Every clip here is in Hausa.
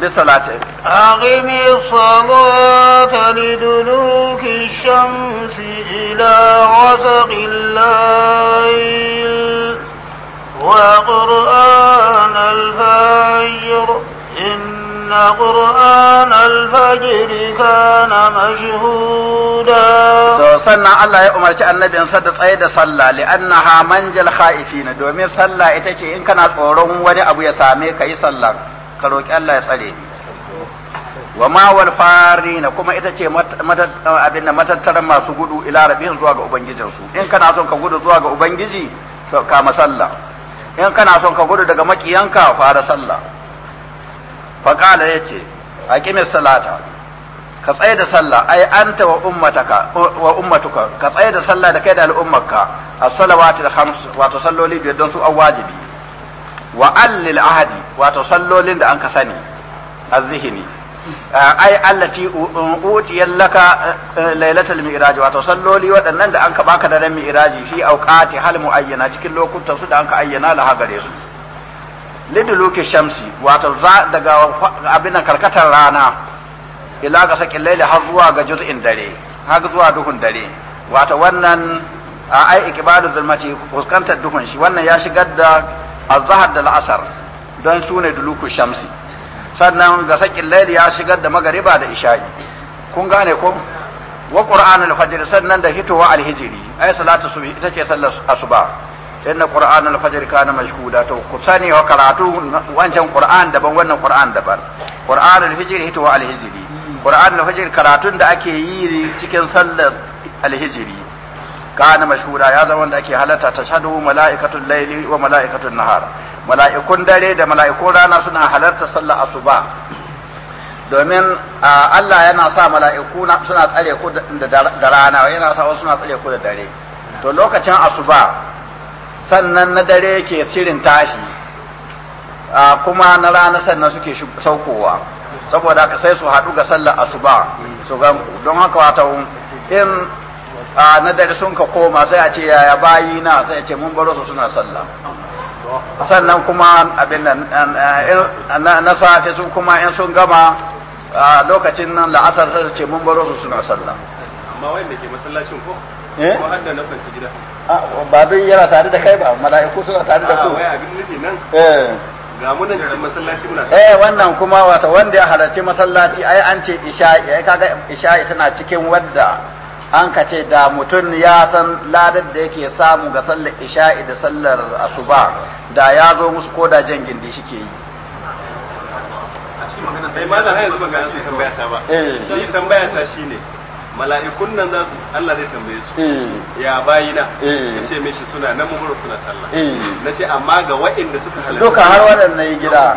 بالصلاة أقم الصلاة لدلوك الشمس إلى غسق الليل وقرآن الفجر إن قرآن الفجر كان مشهودا sannan Allah ya umarci annabinsa da tsaye da sallah li'annaha manjal na domin sallah ita ce in kana tsoron wani abu ya same ka yi sallah ka roƙi Allah ya tsare ni wa ma wal farina kuma ita ce abin matattaran masu gudu ila rabbihim zuwa ga ubangijinsu in kana son ka gudu zuwa ga ubangiji to ka sallah in kana son ka gudu daga makiyanka fara sallah fa qala yace aqimi salata ka tsaye da sallah ai anta wa ummataka wa ummatuka ka tsaye da sallah da kai da al'ummarka as-salawati al-khams wato salloli biyar don su an wajibi wa allil ahadi wato sallolin da an ka sani azzihini eh, ai allati um, utiyan laka eh, lailatul mi'raj wato salloli waɗannan da an ka baka da ran mi'raji fi awqati hal muayyana cikin lokutan su da an ka ayyana la gare su liduluki shamsi wato za daga abin karkatar rana ila ga sakin laili har zuwa ga juz'in dare har zuwa duhun dare wato wannan eh, ai ikibalu zulmati fuskantar duhun shi wannan ya shigar da azhar da la'asar don su ne duluku shamsi sannan ga sakin laili ya shigar da magariba da isha'i kun gane ko wa qur'an al sannan da hitowa al-hijri salatu ita ce sallar asuba inna qur'an al-fajr kana mashhuda to ku sani wa karatu wancan qur'an wannan qur'an daban qur'an al hitowa al qur'an al karatun da ake yi cikin sallar alhijiri. kana mashura ya zama wanda ake halatta tashhadu mala'ikatul laili wa mala'ikatul nahara mala'ikun dare da mala'ikun rana suna halarta sallar asuba domin Allah yana sa mala'iku suna tsare ku da rana yana sa wasu suna tsare ku da dare to lokacin asuba sannan na dare ke shirin tashi kuma na rana sannan suke saukowa saboda ka sai su haɗu ga sallar asuba su gan don haka wata in a na dare sun ka koma sai a ce yaya bayi na sai a ce mun baro su suna sallah sannan kuma abin nan na safe su kuma in sun gama a lokacin nan la'asar sai ce mun baro su suna sallah amma wanda ke masallacin ko eh ko hadda na kwanci gida ba duk yana tare da kai ba mala'iku suna tare da ku wai abin nufi nan eh ga munan cikin masallaci muna eh wannan kuma wata wanda ya halarci masallaci ai an ce isha'i ai kaga isha'i tana cikin wadda an ka ce da mutum ya san ladar da yake samu ga sallar isha'i da sallar asuba da ya zo musu ko da jan gindi shi ke yi a cikin magana sai ma da har yanzu magana sai tambaya ta ba eh sai tambaya ta shine mala'ikun nan za su Allah zai tambaye su hmm. ya bayina Na hmm. ce mishi suna nan mu suna sallah hmm. na ce amma ga da suka halarta duka har waɗannan yi gida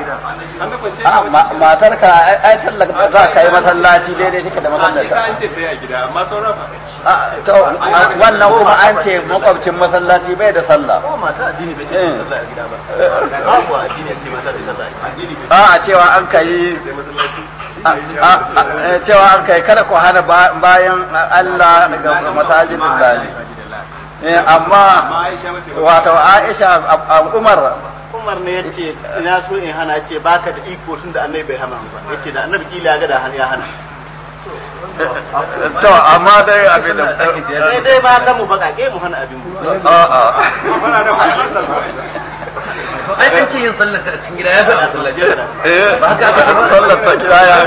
ah, matar ka ai tallaka za ka yi masallaci daidai ah, take da masallaci an ce ta yi a gida amma sauran fa ah, to wannan kuma an ce makwabcin masallaci bai da sallah ko mata addini bai ce sallah a gida ba ba addini ce mata da sallah a cewa an kai masallaci Eh, cewa an kai kada ku hana bayan Allah ga masajidin lahi eh, amma wato Aisha Umar Umar ne yace ina so in hana ce baka da iko tun da annabi bai hana ba yace da annabi kila ga da ya hana to amma dai abin da eh, dai dai ba mu baka ke mu hana abin mu a'a ai an ce yin sallar ka a cikin gida ya fi a masallaci eh ba haka aka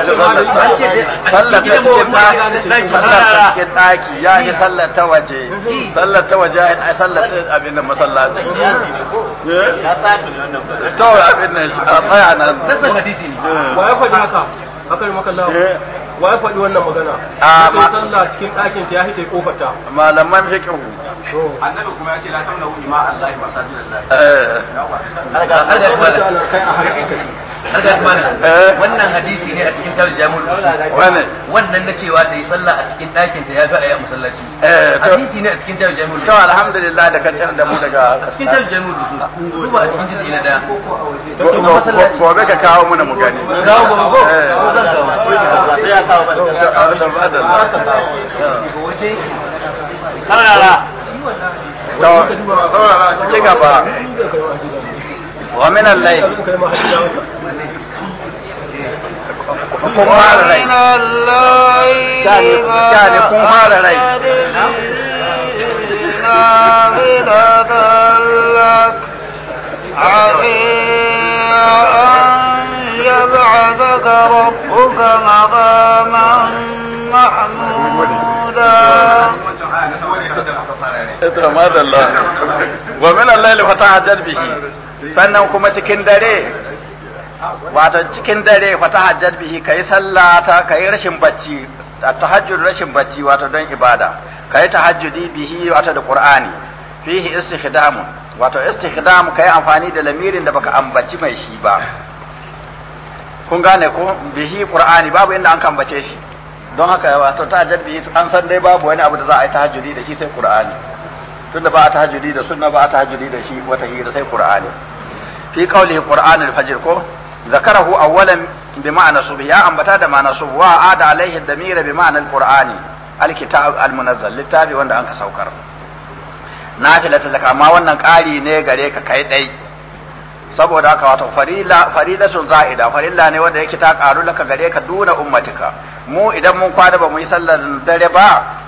ce sallar ta gida ya fi sallar ta sallar ta cikin daki sallar ta cikin daki ya yi sallar ta waje sallar ta waje ai sallar ta abin da masallaci eh? to abin nan a tsaya nan nasan hadisi ne eh. wa ya faɗi haka haka ne eh. wa ya faɗi wannan magana ah, a sallah cikin ɗakin ta ya hita kofata malaman fiqh annabi kuma ce la tamna ima eh. Allah wa sabilallah eh wannan hadisi ne a cikin tarjamul wannan wannan na cewa ta yi sallah a cikin ɗakin ta ya ga ayi masallaci eh, hadisi ne a cikin tarjamul to alhamdulillah da ka tsara da mu daga cikin tarjamul dusu duba a cikin jiz'i na daya gobe ka kawo muna mu gani kawo gobe ko eh. zan kawo ya kawo ba da ba da ba da ba ci gaba wa min al-layl kun fara rai kun fara rai يبعثك ربك مقاما محمودا isra madalla wa min bihi sannan kuma cikin dare wato cikin dare fatahajjat bihi kai sallah kai rashin bacci tahajjud rashin bacci wato don ibada kai tahajjudi bihi wato da qur'ani fihi istikhdamun wato istikhdam kai amfani da lamirin da baka ambaci mai shi ba kun gane ko bihi qur'ani babu inda an kambace shi don haka wato ta an san dai babu wani abu da za a yi tahajjudi da shi sai qur'ani tun da ba a tahajjudi da sunna ba a tahajjudi da shi wata hira sai qur'ani fi qawli qur'an al ko zakarahu awwalan bi ma'na subh ya ambata da ma'na subh wa ada alaihi ad-damir bi ma'na al-qur'ani al-kitab al-munazzal littabi wanda anka saukar nafilata zaka amma wannan qari ne gare ka kai dai saboda haka wato farila farilatun za'ida farilla ne wanda yake ta karu laka gare ka duna ummatika mu idan mun kwada ba mu yi sallar dare ba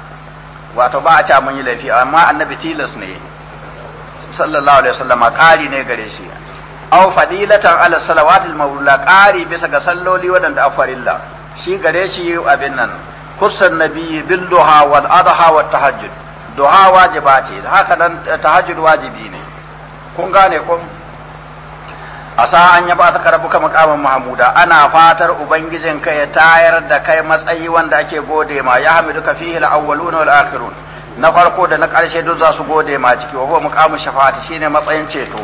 wato ba a ca mun yi laifi amma annabi tilas ne sallallahu alaihi wasallama kari ne gare shi aw fadilatan ala salawatil mawlula ƙari bisa ga salloli wadanda afarilla shi gare shi abin nan kursan nabiyyi bil duha wal adha wat tahajjud duha wajiba ce haka nan tahajjud wajibi ne kun gane kun asa an yaba ta mukamin makaman mahmuda ana fatar ubangijin ka ya tayar da kai matsayi wanda ake gode ma ya ka fihi al-awwaluna wal akhirun na farko da na karshe duk za su gode ma ciki wa huwa muqamu shafa'ati shine matsayin ceto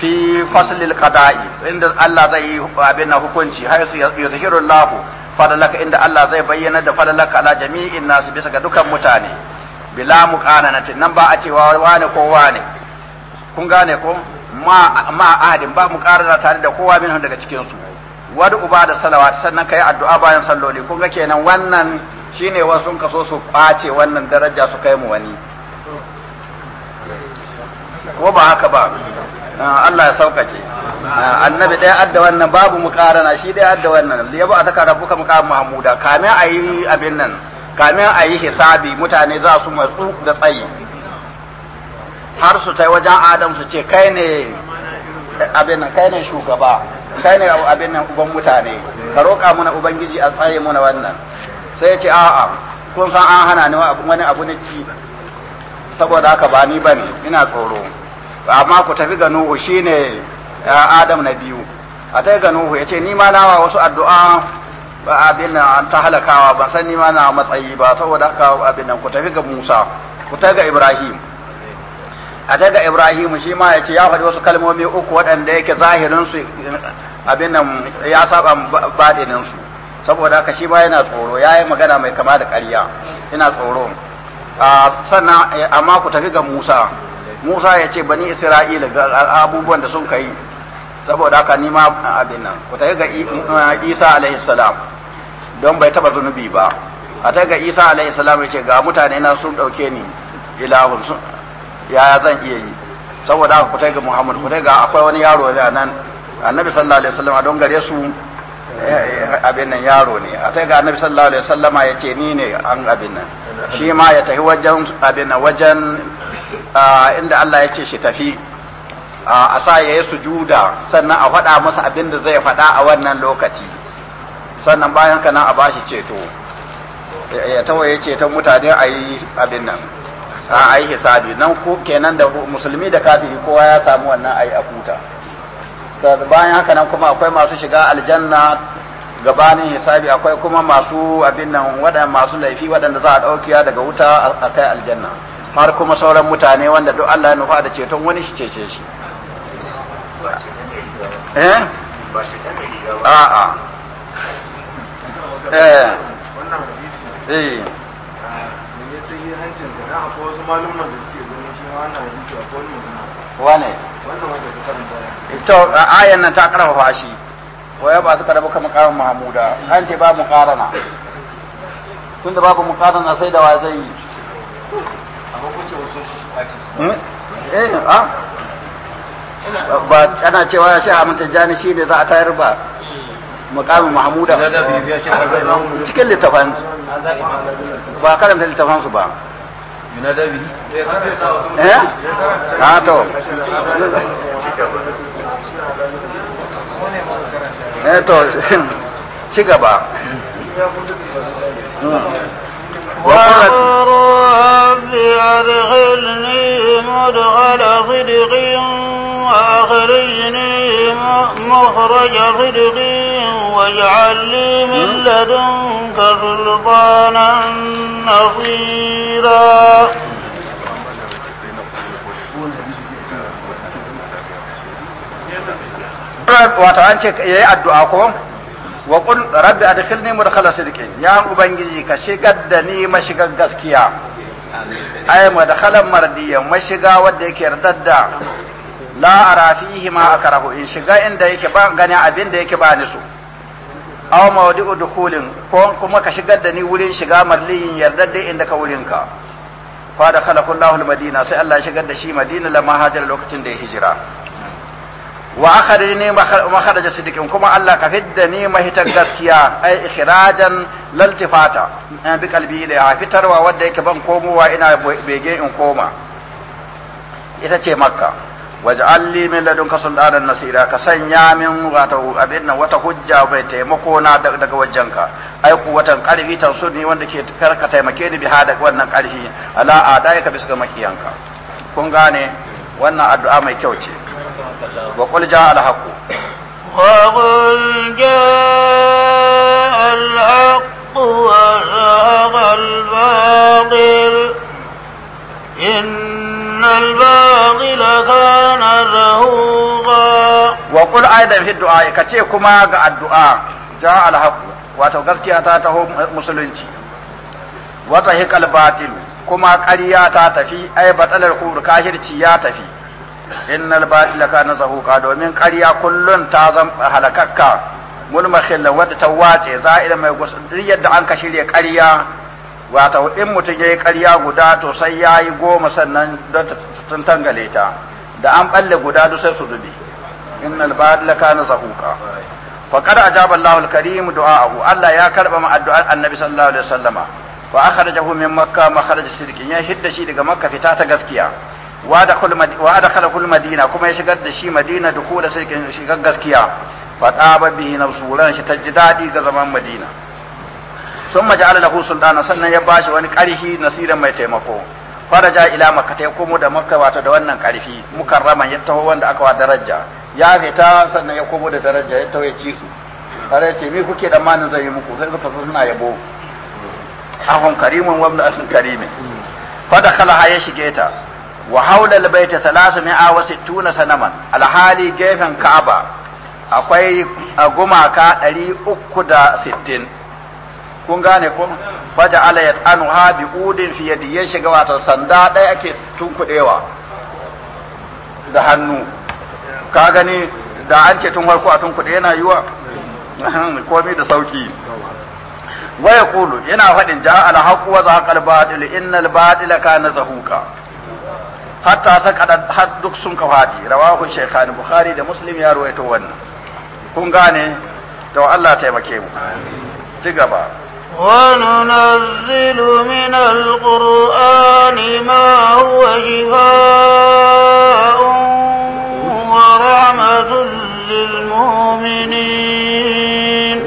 fi faslil qada'i inda Allah zai yi abin na hukunci haisu yuzhiru Allah fadalaka inda Allah zai bayyana da fadalaka ala jami'in nas bisa ga dukan mutane bila muqananatin nan ba a cewa wane ko wane kun gane ko ma ahadin ba mu karara tare da kowa min daga cikin su wadu uba da salawat sannan kai addu'a bayan salloli kun ga kenan wannan shine wasu kaso su kwace wannan daraja su kai mu wani ko ba haka ba ah, Allah ya saukake ah, annabi ɗaya adda wannan babu mu mukarana shi ɗaya adda wannan ba a taka rabuka muka mahmuda kamin a abin nan kamin ayi hisabi mutane za su matsu da tsayi har su ta wajen adam su ce kai ne abin kai ne shugaba kai ne abin nan uban mutane ka roƙa muna ubangiji a tsaye muna wannan sai ya ce a'a kun san an hana ni wani abu na ci saboda haka ba ni bane ina tsoro amma ku tafi ga nuhu shine adam na biyu a ta ga nuhu ya ce ni ma nawa wasu addu'a ba abin nan an ta halakawa ban san ni ma na matsayi ba saboda haka abin nan ku tafi ga musa ku tafi ga ibrahim a ta ga ibrahimu shi ma ya ce ya faɗi wasu kalmomi uku waɗanda yake zahirinsu abin nan ya saba baɗininsu saboda haka shi ma yana tsoro ya yi magana mai kama da ƙarya ina tsoro sannan amma ku tafi ga musa musa ya ce bani isra'ila ga abubuwan da sun kai saboda haka ni ma abin nan ku tafi ga isa alaihi salam don bai taba zunubi ba a ta ga isa alaihi salam ya ce ga mutane na sun ɗauke ni ilahun yaya zan iya yi saboda ku kutai ga Muhammad kutai ga akwai wani yaro da nan annabi sallallahu alaihi wasallam don gare su eh, abin nan yaro ne a ta ga annabi sallallahu alaihi wasallam ya ce ni ne an abin nan shi ma ya tafi wajen abin nan wajen inda Allah ya ce shi tafi a sa ya yi sujuda sannan a faɗa masa abin da zai faɗa a wannan lokaci sannan bayan kana a bashi ceto ya tawaye ceton mutane a yi abin nan a ai hisabi nan ko kenan da musulmi da kafiri kowa ya samu wannan ai a huta bayan haka nan kuma akwai masu shiga aljanna gabanin hisabi akwai kuma masu abin nan waɗanda masu laifi waɗanda za a ɗaukiya daga wuta a kai aljanna har kuma sauran mutane wanda duk Allah ya nufa da ceton wani shi cece shi eh a'a eh eh na akwai wasu malumman da suke shi wannan hadisi a kowane wane wannan wanda ta karanta ita ayan nan ta karfafa shi waya ba su kama karin mahamuda an ce babu karana tun da babu mukarana sai da wa zai yi hmm? eh, ba ana cewa ya shi a jani shi ne za a tayar ba mukamin mahamuda cikin littafan ba karanta littafansu ba yunada bihi eh ah to eh to ci gaba وقال رب أدخلني مدخل صدق وأخرجني مخرج صدقي واجعل لي من لدنك سلطانا نصيرا wato an ce yayi addu'a ko wa qul rabbi adkhilni mudkhala sidqin ya ubangiji ka shigar da ni mashigar gaskiya ay madkhalan mardiyan mashiga wanda yake da. la ara fihi ma akrahu in shiga inda yake ba gani abin da yake ba ni so aw mawdi'u dukhulin ko kuma ka shigar da ni wurin shiga marliyin yarda dai inda ka wurin ka fa da khalaqa Allahu al-Madina sai Allah ya shigar da shi Madina lamma hajar lokacin da ya hijira wa akhrajni makharaja sidqin kuma Allah ka fidda ni mahitar gaskiya ai ikhrajan laltifata eh, bi qalbi ya fitarwa wanda yake ban komowa ina bege in koma ita ce makka waj'al li min ladunka sultanan nasira ka sanya min wata abin nan wata hujja mai taimako na daga wajenka ai kuwatan karfi tansurni wanda ke karka taimake ni biha da wannan karfi ala adaika bisa makiyanka kun gane wannan addu'a mai kyau ce wa qul ja al-haqq wa qul ja al-haqq wa al-batil inna al kul aidan fi du'a ka ce kuma ga addu'a ja al haqq wato gaskiya ta taho musulunci wata hiqal batil kuma ƙarya ta tafi ai batalar kubur kahirci ya tafi innal ka na zahuqa domin ƙarya kullun ta zam halakakka mulmakhil wadda ta wace za'ida mai gusuri yadda an ka shirya ƙarya wato in mutum yayi ƙarya guda to sai yayi goma sannan don ta tangale ta da an balle guda duk su dubi innal badila kana zahuqa faqad ajaba Allahu al-karim du'aahu Allah ya karba ma addu'ar annabi sallallahu alaihi wasallama wa akhrajahu min makka makharaj sidqin ya hidda shi daga makka fita ta gaskiya wa adkhala kul madina kuma ya shigar da shi madina da sidqin shigar gaskiya fa taba bihi nafsuran shi ji daɗi ga zaman madina sun maja'ala lahu sultana sannan ya ba shi wani karhi nasiran mai taimako faraja ila makka ta komo da makka wato da wannan karfi mukarraman ya taho wanda aka wa daraja ya fita sannan ya komo da daraja ya tawaye ci su har ya ce mi kuke da manin zan yi muku sai suka zo suna yabo ahun karimun wa ibn asin karimin fa dakhala ya shige ta wa haula albayta 360 sanaman alhali gefen ka'aba akwai gumaka 360 kun gane ko faja ala ya anu ha bi udin fi yadi ya shiga wato sanda ɗaya ake tunkudewa da hannu ka gani da an ce tun farko a tun kuɗi yana yiwa komi da sauki wa Kulu yana faɗin ja al haqq wa zaqal batil innal batila kana zahuka hatta saka har duk sun ka faɗi rawahu shaykhan bukhari da muslim ya ruwaito wannan kun gane to Allah taimake mu ci gaba وننزل من القرآن ما هو شفاء مثل للمؤمنين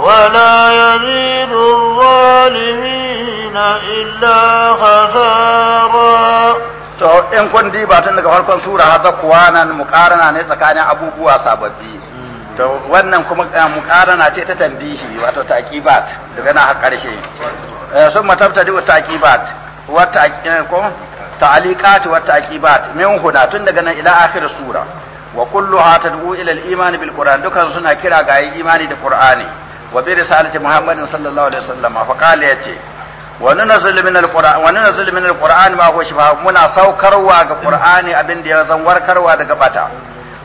ولا يزيد الظالمين إلا خسارا to in kun diba tun daga farkon sura har kuwa mukarana ne tsakanin abubuwa sababbi to wannan kuma eh, mukarana ce ta tambihi wato taqibat daga na har karshe sun wa taqibat wa ta'aliqat eh, wa taqibat min huna tun daga nan ila akhir sura wa kulluha tad'u ila al-iman bil qur'an dukan suna kira ga imani da qur'ani wa bi risalati muhammadin sallallahu alaihi wasallam fa qala yace wa nunazzilu min al-qur'an wa nunazzilu min al-qur'an ma huwa shifa muna saukarwa ga qur'ani abin da ya zan warkarwa daga bata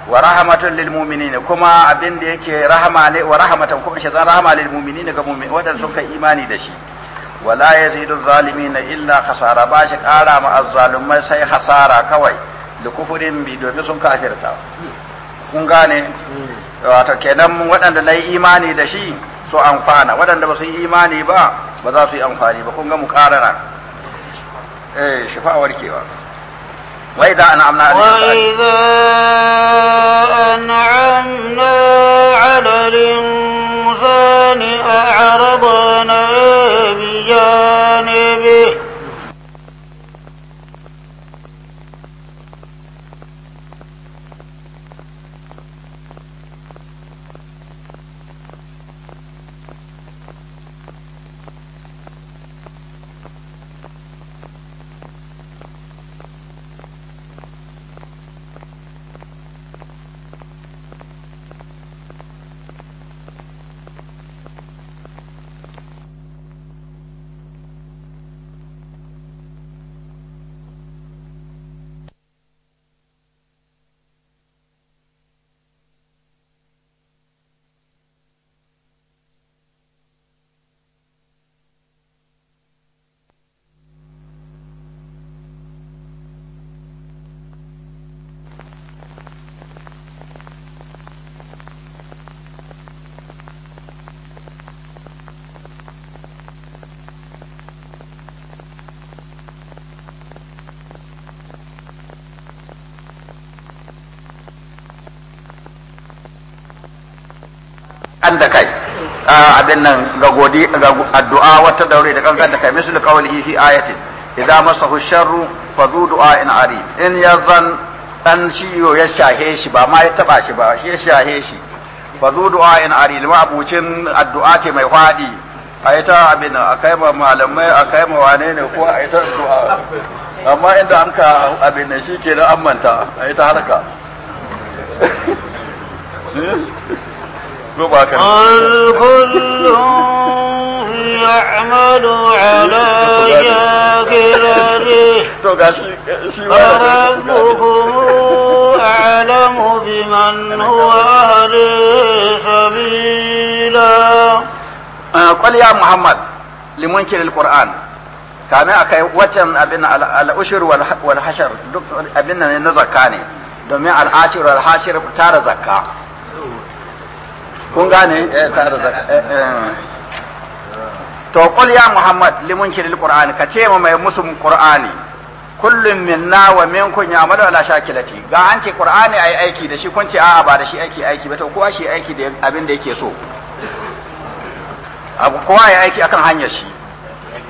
wa rahmatan lil mu'minin kuma abin da yake rahama ne wa rahmatan kuma shi zan rahama lil mu'minin ga mu'min wadanda sun kai imani da shi wala yazidu zalimin illa khasara ba shi kara ma az-zalimai sai hasara kawai da kufurin bi domin sun kafirta kun gane wato kenan waɗanda na yi imani da shi so amfana waɗanda ba su yi imani ba ba za su yi amfani ba kun ga mu karara eh fa warkewa wa idza amna 'ala al-insani arabana biyar. kankan da kai ah, abin nan ga godi ga addu'a wata daure da kankan da kai misal qawlihi fi ayatin idza masahu sharru fa zu in ari in yazan dan ciyo ya shahe shi ba ma ya taba shi ba shi ya shahe shi fa zu in ari lima abucin addu'a ce mai fadi ta abin akai ma malamai akai ma wane ne ko ta addu'a amma inda an ka abin shi ke da an ai ta harka. Hmm? ko ba haka يعمل على شاكرته فربكم أعلم بمن هو سبيلا يا محمد لمنكر kame a watan abin al'ushir wal duk abin nan na zakka ne domin al'ashir wal hashir tara zakka kun gane eh, eh, eh. to qul ya muhammad limun kiril qur'ani ka ce ma mai musu qur'ani kullum minna wa minkum ya'malu ala shakilati ga an ce qur'ani ai aiki da shi kun ce a'a ba da shi aiki aiki ba to kowa shi aiki da abin da yake so abu kowa ya aiki akan hanyar shi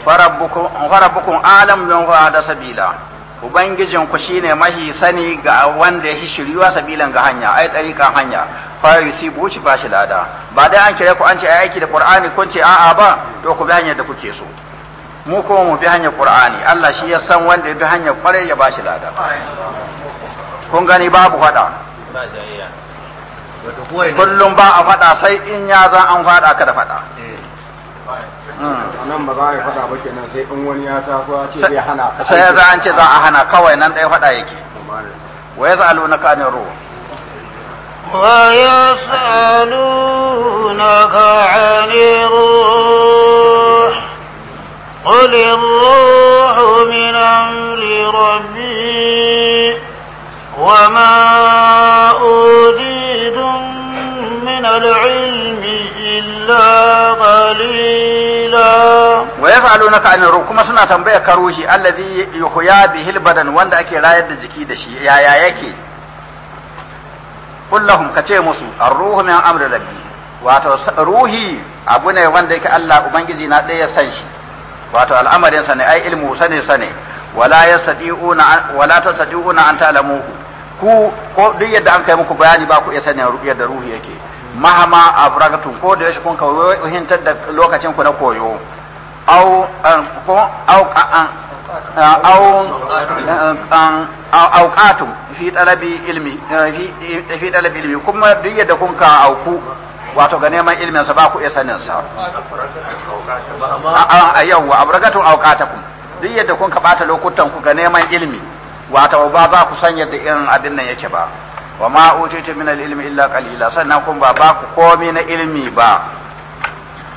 farabbukum alam min da sabila ubangijin ku shine mahi sani ga wanda ya shiriwa sabilan ga hanya ai tsarikan hanya fara yusibu ci ba shi lada ba dai an kira ku an ce ai aiki da qur'ani kun ce a'a ba to ku bi hanyar da kuke so mu kuma mu bi hanyar qur'ani Allah shi ya san wanda ya bi hanyar kwarai ya ba shi lada kun gani babu fada kullum ba a fada sai in ya za an fada ka da fada nan ba za a yi fada ba kenan sai in wani ya taso ce zai hana sai ya za an ce za a hana kawai nan ɗaya fada yake wa ya za'alunaka ne ruwa ويسألونك عن الروح قل الروح من أمر ربي وما أريد من العلم إلا قليلا ويسألونك عن الروح كما سنة تنبيه كروشي الذي يحيى به البدن وان أكي لا يد جكي دشي يا يا يكي kullahum ka ce musu ar-ruhu min amri rabbi wato ruhi abu ne wanda yake Allah ubangiji na ɗaya san shi wato al'amarin sa ne ai ilmu sane sane wala yastati'una wala tastati'una an ta'lamuhu ku ko duk yadda an kai muku bayani ba ku iya sanin yadda ruhi yake mahama abragatum ko da yashi kun ka hintar da lokacin ku na koyo au ko au auƙatun fi talabi ilmi fi talabi ilmi kuma duk yadda kun ka auku wato ga neman ilmin sa ba ku iya sanin sa a yawwa abrakatun auqatakum duk yadda kun ka bata lokutan ku ga neman ilmi wato ba za ku san yadda irin abin nan yake ba wa ma utitu min al-ilmi illa qalila sannan kun ba ba ku komai na ilmi ba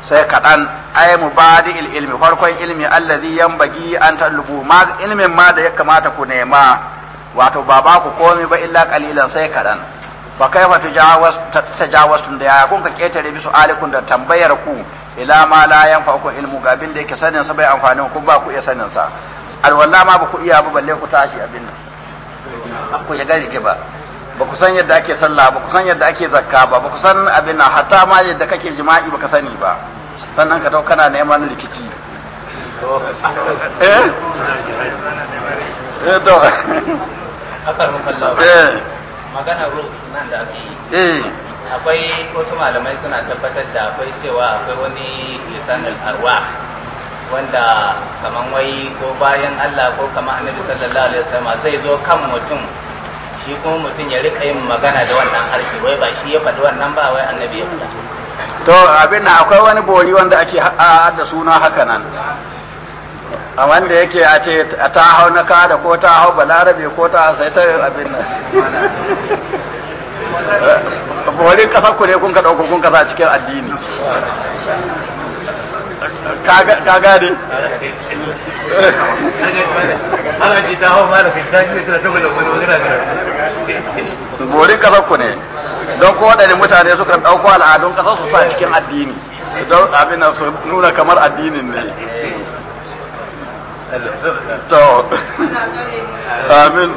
sai kaɗan ay mubadi'il ilmi farkon ilmi allazi yanbagi an talubu ma ilmin ma da ya kamata ku nema wato ba ba ku komai ba illa qalilan sai kadan fa kaifa tajawas tun da ya kun ka ketare bisu alikun da tambayar ku ila ma la yanfa'ukum ilmu ga abin da yake sanin sa bai amfani ku ba ku iya sanin sa alwala ma ba ku iya ba balle ku tashi abin nan ku shiga rike ba ba ku san yadda ake sallah ba ku san yadda ake zakka ba ba ku san abin nan hatta ma yadda kake jima'i ba ka sani ba sannan ka tau kana neman rikici eh eh to eh. magana ruh nan da ake yi eh. akwai wasu malamai suna tabbatar da akwai cewa akwai wani lisanin arwa wanda kaman wai ko bayan Allah ko kaman annabi sallallahu alaihi wasallam zai zo kan mutum shi kuma mutum ya rika yin magana da wannan harshe wai ba shi ya faɗi wannan ba wai annabi ya faɗa to abin nan akwai wani bori wanda ake da suna haka nan a wanda yake a ce ta hau na kada ko ta hau balarabe ko ta sai ta abin nan bori kasar ku kun ka ɗauko kun kasa cikin addini ka gane ana ji ta hau da ne ta tabbata wani wani ku ne don ko waɗanne mutane suka ɗauko al'adun ƙasar su sa cikin addini don abin su nuna kamar addinin ne to amin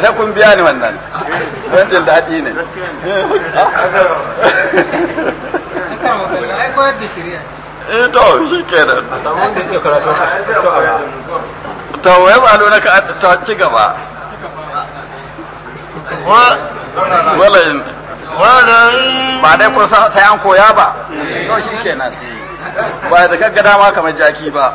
sai kun biya ni wannan don jin daɗi ne. Ai, eh to shi kenan to ya malo na ka ta ci gaba wala in ba dai ko sa ta an koya ba to shi kenan ba da gaggada ma kamar jaki ba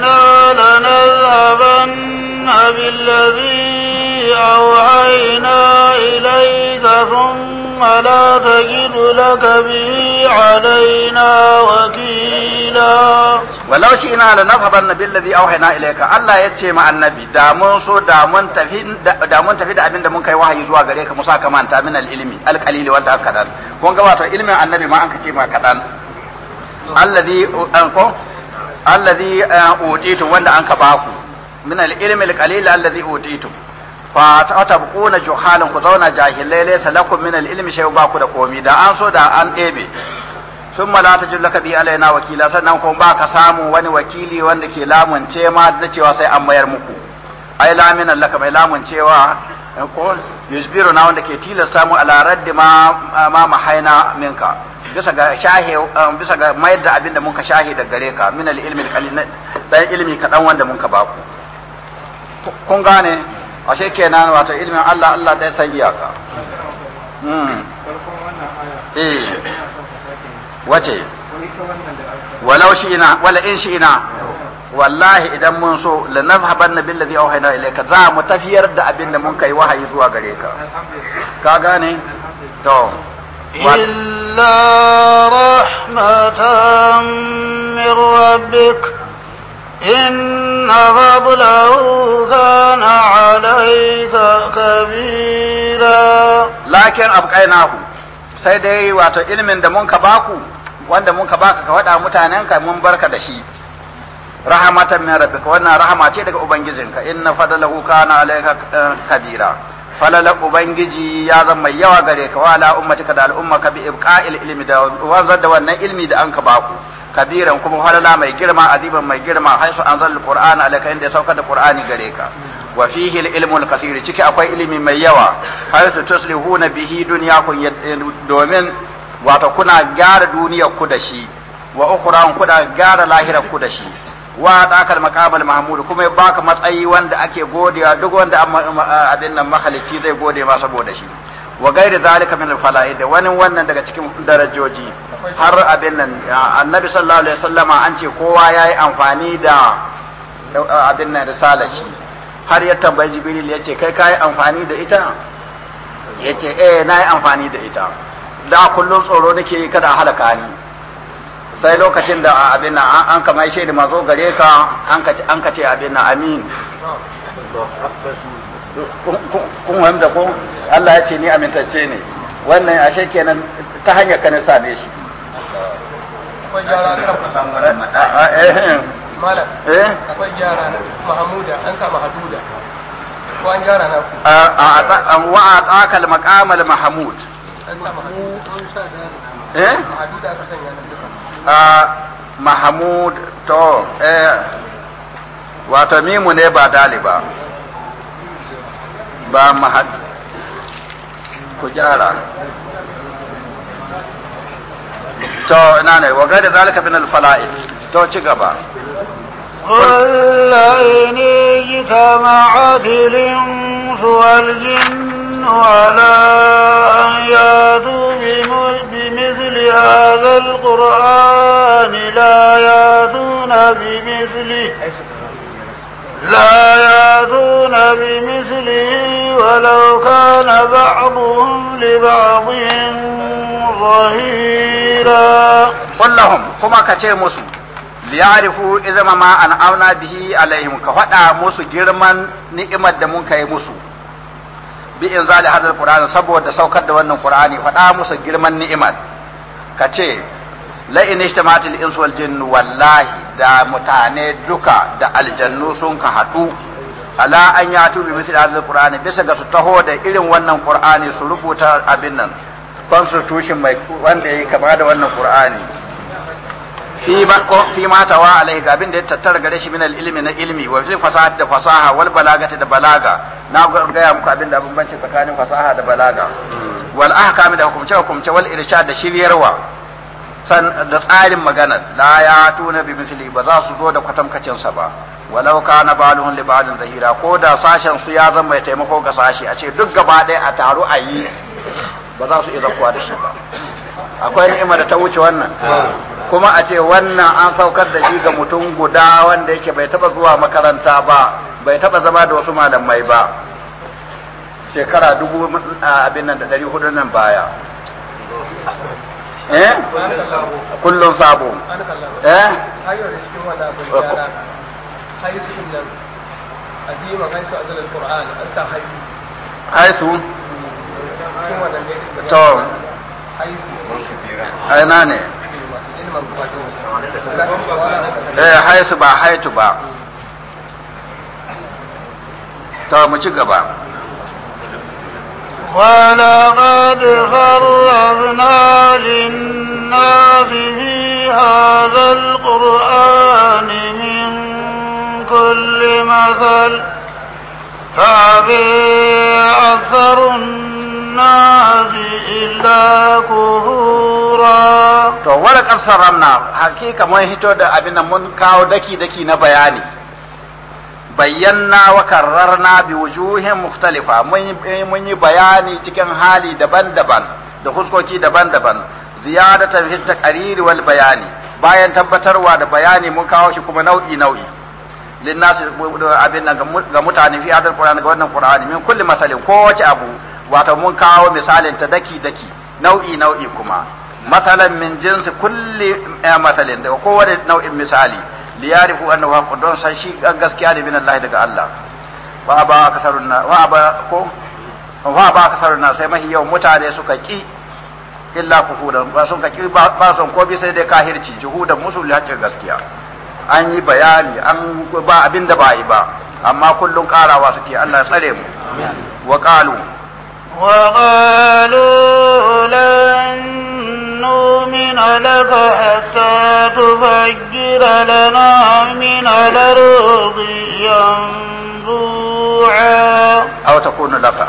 إنا لنذهبن بالذي أوحينا إليك ثم لا تجد لك به علينا وكيلا ولو شئنا لنذهبن بالذي أوحينا إليك الله يتشي مع النبي دامون سو دامون تفيد دامون تفيد أبين دامون كي وحي زوا غريك موسى كمان تامن العلمي القليل وانت أكدان كون قواتر علم النبي ما أنك تشي ما كدان الذي أنكو allazi uh, utitu wanda an ka baku min al-ilmi al-qalil utitu fa tatabquna juhalan ku zauna jahilai laysa lakum min al-ilmi shay'un baku da komi da an so da an ɗebe sun la tajul laka bi alaina wakila sannan kuma baka ka samu wani wakili wanda ke lamunce ma da cewa sai an mayar muku ai laminan laka mai lamuncewa eh, ko yusbiru na wanda ke tilasta mu ala raddi ma ma mahaina minka bisa ga shahe um, bisa ga mayar da abin da muka shahe da gare ka min ilmi al-qalil dan ilmi dan wanda muka baku kun gane ashe kenan wato ilmin Allah Allah dai san iyaka mm eh wace walau shi'ina wala in shi'ina wallahi idan mun so la nazhaban nabil ladhi awhayna ilayka za mu tafiyar da abin da mun kai wahayi zuwa gare ka ka gane to إلا رحمة من ربك إن فضله كان عليك كبيرا لكن أبقيناه sai dai wato ilimin da mun ka baku wanda mun ka baka ka faɗa mutanenka mun barka da shi rahamatan min rabbika wannan rahama ce daga ka, inna fadlahu kana ɗan eh, kabira falala ubangiji ya zama mai yawa gare ka wala ummatika da ka bi ibqa'il ilmi da wanzar da wannan ilmi da anka baku kabiran kuma falala mai girma aziban mai girma haisu anzal alquran alaka inda ya sauka da qur'ani gare ka wa fihi al ciki akwai ilimi mai yawa haisu tuslihuna bihi dunyakum domin wato kuna gyara duniyar ku da shi wa ukhra kuna gyara lahirar ku da shi wa dakar maqamal mahmud kuma ya baka matsayi wanda ake godewa duk wanda abin nan mahalici zai gode ma saboda shi wa gairi zalika min al-falaid wani wannan daga cikin darajoji har abin nan annabi sallallahu alaihi wasallama an ce kowa yayi amfani da abin nan risala shi har ya tambayi jibril ya ce kai kayi amfani da ita ya ce eh nayi amfani da ita da kullum tsoro nake kada halaka ni sai lokacin da abin nan an kama shi da mazo gare ka an ka ce abin nan amin kun wanda ko Allah ya ce ni amintacce ne wannan ashe kenan ta hanyar ka ne same shi malam akwai gyara na mahamuda an sa mahaduda ko an gyara na ku a wa a mahmud an sa mahmud eh ah, mahmud to eh wato mimu ne ba daliba ba mahad ku jara to ina ne wa gaida zalika bin al falai to ci gaba والليل جئت مع ذل والجن ولا أن يدور بهذا القرآن لا يأتون بمثله لا يأتون بمثله ولو كان بعضهم لبعضهم ظهيرا قل لهم كما كتير مسلم liyarifu izama ma an auna bihi alaihim ka faɗa musu girman ni'imar da mun kai musu bi in zali hadal qur'ani saboda saukar da wannan qur'ani faɗa musu girman ni'imar ka ce la'in ishtimatil ins wal jinn wallahi da mutane duka da aljannu sun ka haɗu ala an ya tubi misli hadal qur'ani bisa ga su taho da irin wannan qur'ani su rubuta abin nan constitution mai wanda yayi kama da wannan qur'ani fi ba ko fi ma tawa alaihi ga abin da ya tattara gare shi min ilmi na ilmi wa fi fasaha da fasaha wal balagati da balaga na ga ya muku abin da bambanci tsakanin fasaha da balaga hmm. wal ahkam da hukumce hukumce wal irshad da shiryarwa san da tsarin magana la ya tuna bi mithli ba za su zo da kwatamkacin sa ba walau kana baluhun li balin zahira ko da sashen su ya zama mai taimako ga sashi a ce duk gaba ɗaya a taru a yi ba za su iya zakuwa da shi ba akwai ni'ima da ta wuce wannan hmm. kuma a ce wannan an saukar da shi ga mutum guda wanda yake bai taba zuwa makaranta ba bai taba zama da wasu malamai ba shekara dubu abin nan da ɗari hudu nan baya eh kullum sabo eh haisu to haisu aina ne Eh, haisu ba haitu ba. To mu ci gaba. Wala gadi harar narin nari fi hadal ƙur'ani min kulli mazal. Fabi azarun nari illa kuhu. to wala kasar ranna hakika mun hito da abin nan mun kawo daki daki na bayani bayyana wa karrarna bi wujuhin mukhtalifa mun yi bayani cikin hali daban-daban da huskoki daban-daban ziyadatan fi taqriri wal bayani bayan tabbatarwa da bayani mun kawo shi kuma nau'i nau'i linnasu abin nan ga mutane fi hadal qur'ani ga wannan qur'ani min kulli masalin kowace abu wato mun kawo misalin ta daki daki nau'i nau'i kuma مثلا min jinsi kulli مثلا eh, daga kowane nau'in misali liyarifu da haqqun don san shi gaskiya ne min الله daga Allah wa ba kasarun na na sai mahi yau mutane suka ki illa kuhudan ba sun kaki ba son ko bi sai dai kahirci juhudan musu haƙƙin gaskiya an yi bayani an ba abinda ba yi ba amma kullum karawa suke Allah tsare mu wa qalu نؤمن لك حتى تفجر لنا من الأرض ينبوعا أو تكون لك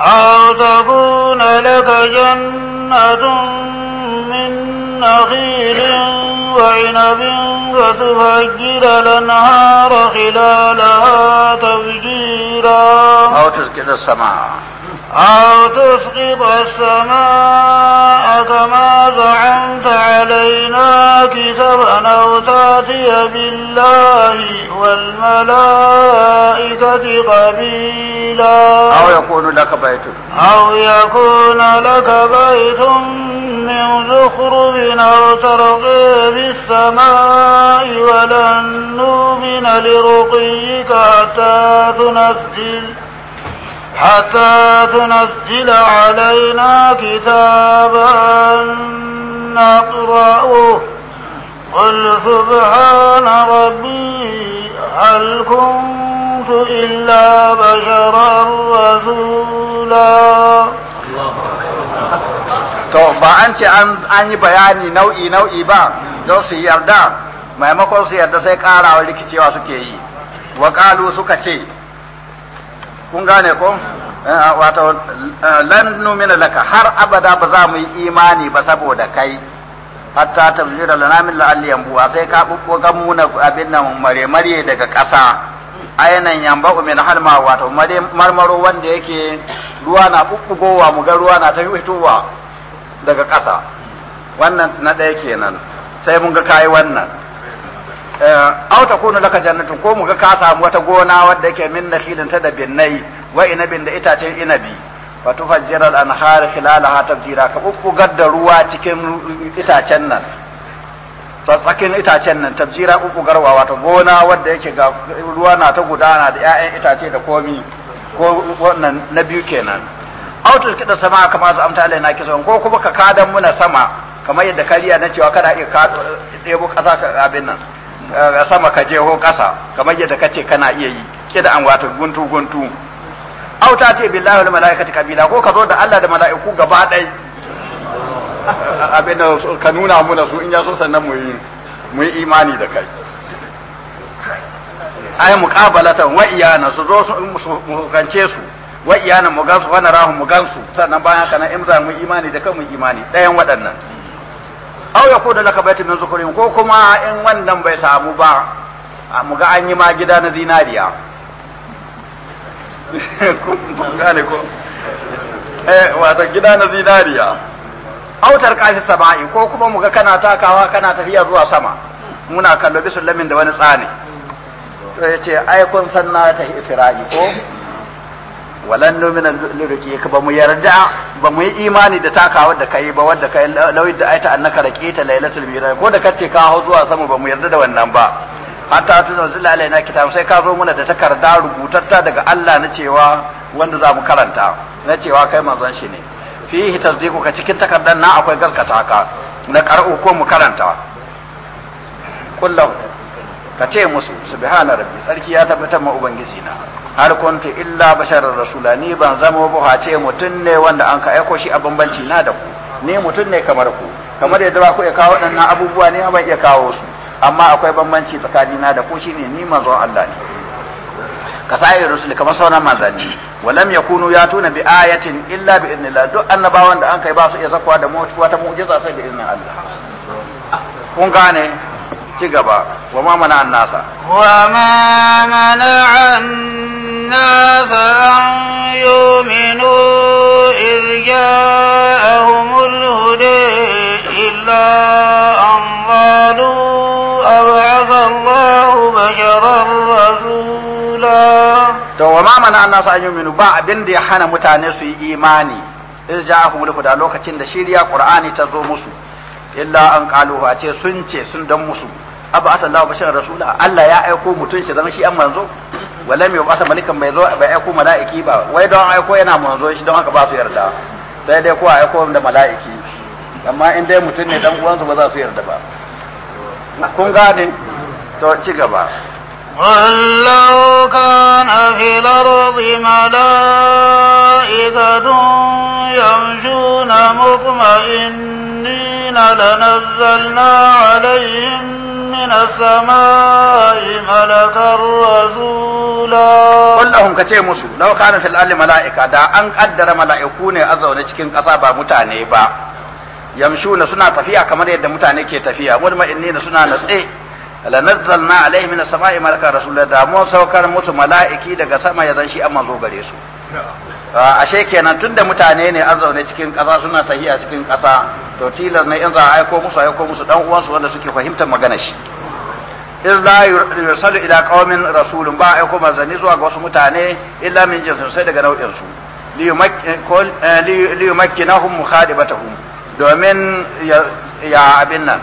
أو تكون لك جنة من نخيل وعنب وتفجر الأنهار خلالها تفجيرا أو تسكن السماء أو تسقط السماء كما زعمت علينا كسبا أو تاتي بالله والملائكة قبيلا أو يكون لك بيت أو يكون لك بيت من زخرف أو ترقي في السماء ولن نؤمن لرقيك حتى تنزل حتى تنزل علينا كتابا نقرأه قل سبحان ربي هل كنت إلا بشرا رسولا to ba an ce an yi bayani nau'i nau'i ba don su yarda maimakon su yarda sai karawa rikicewa suke yi wa suka ce kun gane ko eh, wato eh, lan numina laka har abada ba za mu yi imani ba saboda kai hatta tafjira lana min la'alli yambuwa sai ka bubbo ga abin nan mare mare daga kasa ayanan yamba min halma wato marmaro wanda yake ruwa na bubbugowa mu ga ruwa na ta fitowa daga kasa wannan na ɗaya kenan sai mun ga kai wannan Eh, aw kunu laka jannatu ko muga ka samu wata gona wadda yake min nakhilin ta da binnai wa inabin da itacen inabi fa tufajjira al-anhar khilalaha tafjira ka uku da ruwa cikin itacen nan tsakin itacen nan tafjira garwa wata gona wadda yake ga ruwa na ta gudana da 'ya'yan itace da komi ko wannan na biyu kenan autul kida sama kamar za amta alaina kisan ko kuma ka kadan muna sama kamar yadda kariya na cewa kada iya ka ɗebo ƙasa ka abin nan Eh, sama ka je ko ƙasa kamar yadda kace kana iya yi da an wato guntu guntu aw ta ce billahi wal malaikati kabila ko ka zo da Allah da mala'iku gaba dai abin da ka nuna muna su in ya so sannan mu yi mu yi imani da kai ay muqabalatan wa iyana su zo su kance su wa iyana mu gansu wa narahu mu gansu sannan bayan kana imza mu imani da kai mu imani ɗayan waɗannan aw ya koda laka baitin min zukurin ko kuma in wannan bai samu ba mu ga an yi ma gida na zinariya gane ko eh wato gida na zinariya autar kafi sama'i ko kuma mu ga kana takawa kana tafiya zuwa sama muna kallo bisul lamin da wani tsani to yace ai kun san na ta ko walan al liruki ka ba mu yarda ba mu yi imani da takawa da kai ba wadda kai lawi da aita annaka ta lailatul mira ko da kace ka hawo zuwa sama ba mu yarda da wannan ba hatta tun zilla alaina kitabu sai ka zo mana da takarda rubutatta daga Allah na cewa wanda za mu karanta na cewa kai manzon shi ne fihi tasdiqu ka cikin takardar na akwai gaskata ka na qara'u ko mu karanta kullum ka ce musu subhana rabbi sarki ya tabbatar ma ubangiji na har kuntu illa basharar rasula ni ban zama ba ce mutum ne wanda an ka aiko shi a bambanci na da ku ni mutum ne kamar ku kamar yadda ba ku iya kawo waɗannan abubuwa ne ban iya kawo su amma akwai bambanci tsakanin na da ku shine ni manzo Allah ne ka sa'i rusul kamar sauran manzanni walam yakunu yatuna bi ayatin illa bi idnillah duk annabawan da an kai ba su iya zakwa da wata mu'jiza sai da idnin Allah kun gane ci gaba wa ma mana annasa wa ma mana الناس أن يؤمنوا إذ جاءهم الهدى إلا أن قالوا أبعث الله بشرا رسولا to wa mamana an nasu minu, ba abin da ya hana mutane su yi imani iz ja'ahum da lokacin da shiriya qur'ani ta zo musu illa an qalu a ce sun ce sun dan musu abu atallahu bashar rasula Allah ya aiko mutun shi zama shi an manzo walam yub'atha malikan bai zo bai aiko mala'iki ba wai don aiko yana manzo shi don haka ba su yarda sai dai ko aiko da mala'iki amma in dai mutum ne dan uwansa ba za su yarda ba kun gane to ci gaba ولو كان في الأرض ملائكة يمشون مطمئنين لنزلنا عليهم من السماء ملكا رسولا قل لهم كتير مسو لو كان في الأرض ملائكة دا أن قدر ملائكوني أزوني cikin ƙasa ba mutane ba yamshuna suna tafiya kamar yadda mutane ke tafiya mutma'innina suna natse lanazzalna alaihi min as-sama'i malakan rasula da mun saukar musu mala'iki daga sama ya zan shi an gare su ashe kenan tunda mutane ne an zaune cikin ƙasa suna tahiya cikin ƙasa to tilas ne in za a aiko musu aiko musu dan uwansu wanda suke fahimtar magana shi illa yursalu ila qaumin rasulun ba aiko manzanni zuwa ga wasu mutane illa min jinsin sai daga nau'in su eh, eh, li yumakkinahum mukhadibatahum domin ya abin nan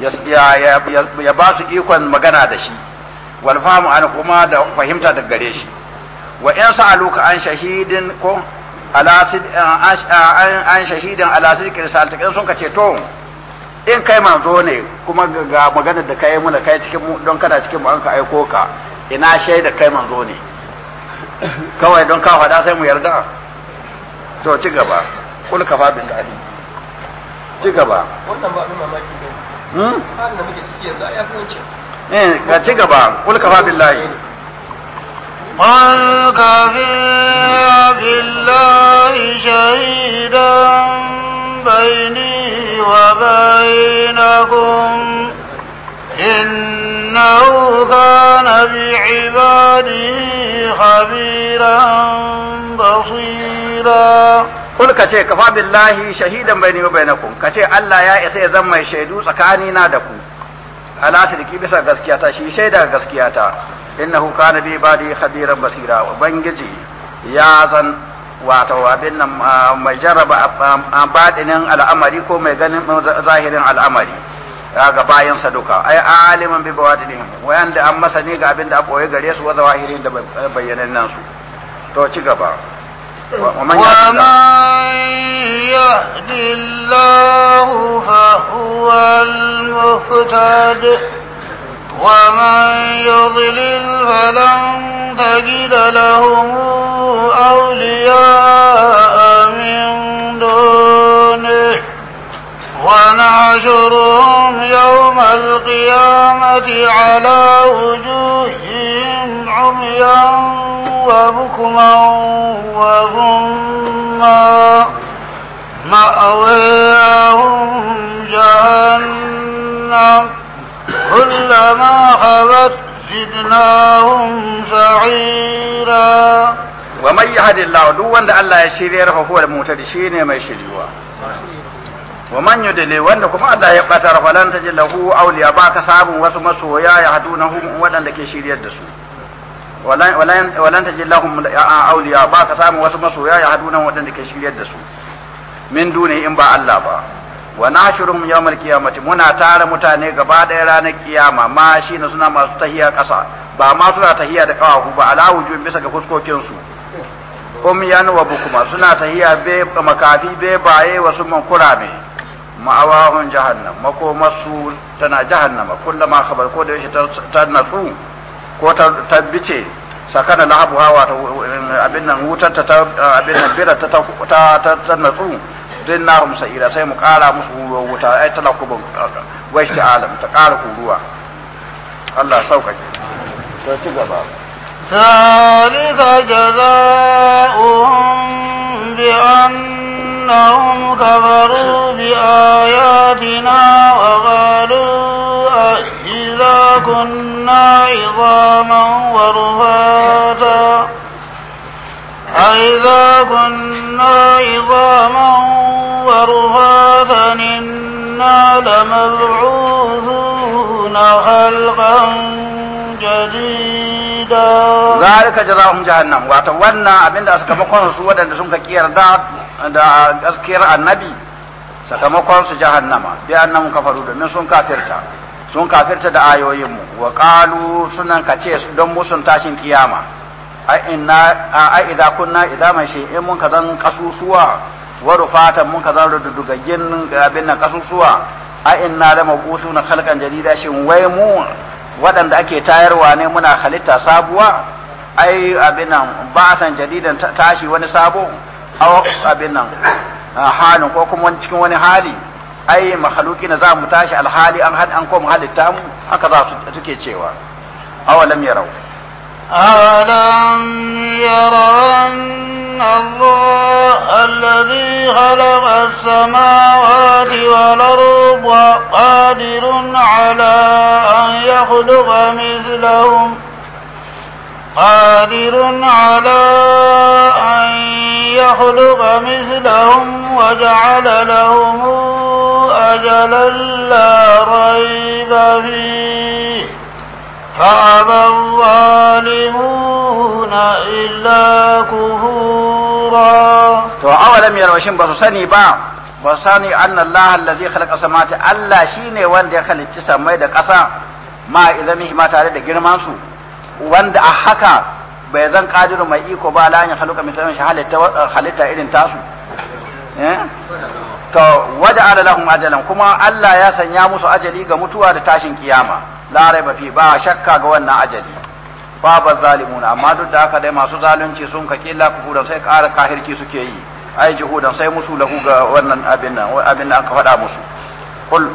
ya ba su ikon magana da shi wal fahmu an kuma da fahimta daga gare shi wa in sa'aluka an shahidin ko an shahidin ala sidqi risalati sun ka ce to in kai manzo ne kuma ga magana da kai muna kai cikin mu don kana cikin mu an ka aiko ka ina shaida kai manzo ne kawai don ka fada sai mu yarda to ci gaba kul kafa bin dadi ci gaba wannan ba abin mamaki ba hmm har da muke ciki yanzu ai ya fi eh ka ci gaba kul kafa billahi قل كفي بالله شهيدا بيني وبينكم إنه كان بعباده خبيرا بصيرا kul ka ce kafa billahi shahidan bai wa bainakum ka ce Allah ya isa ya zama mai shaidu tsakanina da ku alasiriki bisa gaskiyata shi shaida gaskiyata inna hu kana bi badi khabiran basira ubangiji ya zan wato abin nan mai jarraba baɗinin al'amari ko mai ganin zahirin al'amari ga bayansa duka ai aliman bi bawadinihim wayanda an masani ga abin da aka gare su wa zahirin da bayyanan su to ci gaba ومن يهد الله فهو المهتد ومن يضلل فلن تجد لهم أولياء من دونه ونحشرهم يوم القيامة على وجوههم عميا وبكما وغما مأواهم جهنم كلما خبت زدناهم سعيرا ومن يهد الله دو وند الله يشير فهو المهتدي شيني ما يشيروا ومن يدلي وند كما الله يقتر فلن تجد له اولياء باك صاب وسمسوا يا يهدونهم ودن ke shiryar da su walan ta jillahum auliya ba ka samu wasu masoya ya haduna waɗanda ke shiryar da su min dune in ba Allah ba wa nahshurum yawmal qiyamati muna tara mutane gaba daya ranar kiyama ma shi suna masu tahiya kasa ba ma suna tahiya da kawahu ba ala wujuhin bisa ga fuskokin su umyan wa bukuma suna tahiya be makafi be baye wasu man kurame ma'awahun jahannam makomarsu tana jahannama ma khabar ko da yaushe ta natsu ko ta tabbice sakana lahabu hawa eh, abin nan wutar ta eh, abin nan bira ta ta natsu duk nar musa'ira sai mu kara musu ruwa wuta ai talakubun washti alam ta kara ruwa Allah sauƙaƙe to ci gaba ذلك جزاؤهم بأنهم كفروا بآياتنا وقالوا أئذا كنا عظاما ورفاتا أئذا كنا عظاما فرغابا إنا لمبعوثون خلقا جديدا ذلك جزاهم جهنم واتوانا أبين دا سكمكون سودا دا سنك كير دا دا أذكير النبي سكمكون سجهنم بأنهم كفروا من سنك كافرتا sun kafirta da ayoyinmu wa ƙalu sunan kace don musun tashin kiyama a idza kunna idza mai in mun kazan kasusuwa wa rufatan mun kaza da dugaggin abin nan kasusuwa a inna la na khalqan jadida shin wai mu waɗanda ake tayarwa ne muna halitta sabuwa ai abin nan ba'atan jadidan tashi wani sabo aw abin nan halin ko kuma cikin wani hali ai mahaluki na za mu tashi alhali an had an kom halitta mu haka za su take cewa awalam yarau awalam yarau أن الله الذي خلق السماوات والأرض وقادر على أن يخلق مثلهم قادر على أن يخلق مثلهم وجعل لهم أجلا لا ريب فيه فأبى الظالمون إلا كفورا to awalam yarwashin ba su sani ba ba su sani anna Allah allazi khalaqa samata Allah shine wanda ya halicci samai da ƙasa ma idamihi ma tare da girman su wanda a haka bai zan kadiru mai iko ba la ya khalaqa mithlan shi halitta irin tasu eh to waja'ala lahum ajalan kuma Allah ya sanya musu ajali ga mutuwa da tashin kiyama la raiba fi ba shakka ga wannan ajali faba zalimun amma duk da haka dai masu zalunci sun ka kila hudan sai ƙara kahirci suke yi ai juhudan sai musu lahu ga wannan abin nan abin nan aka faɗa musu kul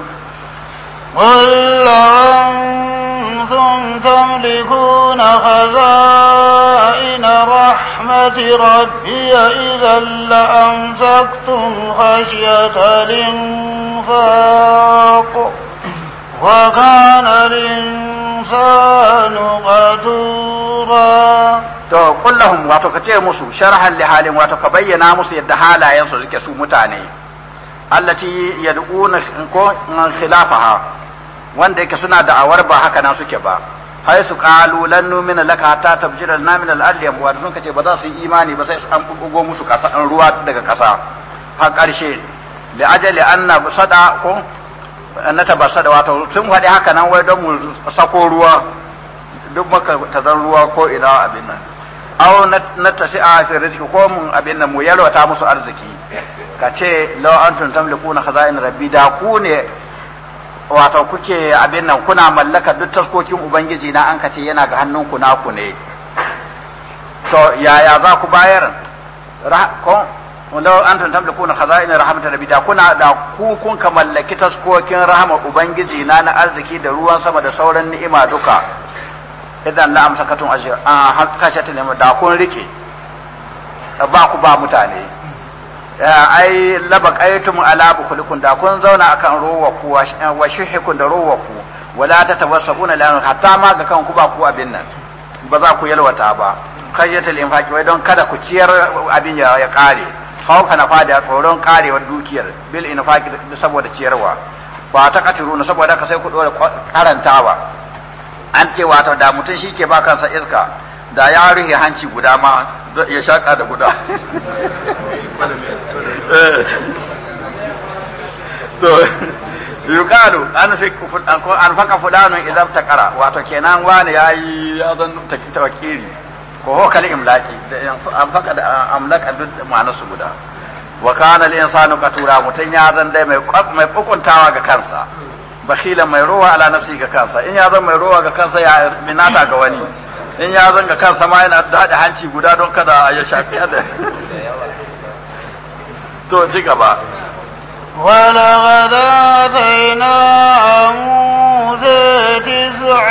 كنتم تملكون خزائن رحمة ربي إذا لأمسكتم خشية الإنفاق وكان الإنسان قدورا to kullahum wato ka ce musu sharhan li halin wato ka bayyana musu yadda halayen su suke su mutane allati yad'una ko khilafaha wanda yake suna da'awar ba haka nan suke ba hay su qalu lan numina laka hatta tabjira lana min al-ardi amwa sun kace ba za su yi imani ba sai su an bugo musu kasa an ruwa daga kasa har karshe li ajali anna sada ko na tabasa da wato sun faɗi haka nan wai don mu sako ruwa duk maka tazan ruwa ko ina abin nan aw na tasi a fi rizki ko mun abin nan mu yalwata musu arziki ka ce law antum tamlikuna khaza'in rabbi da ku ne wato kuke abin nan kuna mallaka duk taskokin ubangiji na an kace yana ga hannunku naku ne to yaya za ku bayar wanda an tun tamla kuna khaza'in rahmatar rabbi da kuna da ku kun ka mallaki taskokin rahama ubangiji na na arziki da ruwan sama da sauran ni'ima duka idan la katun ajir a kashatin da kun rike ba ku ba mutane ai labaqaitum ala bukhlikum da kun zauna akan ruwa ku wa shuhikum da ruwa ku wala tatawassabuna lan hatta ma ga kanku ba ku abin nan ba za ku yalwata ba kayyatul infaqi wai don kada ku ciyar abin ya kare khawfa na fada tsoron karewar dukiyar bil da saboda ciyarwa ba ta katiruna saboda ka sai ku dora karantawa an ce wato da mutum shi ke ba kansa iska da ya rufe hanci guda ma ya shaka da guda eh. to yuqalu an fi ku an faka fulanun idan ta takara wato kenan wani yayi ya zan tawakiri ko ho kal imlaki an faka da amlaka duk ma'anar su guda wa kana al insanu qatura mutun ya zan dai mai mai kokuntawa ga kansa bakhila mai ruwa ala nafsi ga kansa in ya zan mai ruwa ga kansa ya minata ga wani in ya zan ga kansa ma yana da hanci guda don kada ya shafi da to ci gaba ولقد آتينا موسى تسع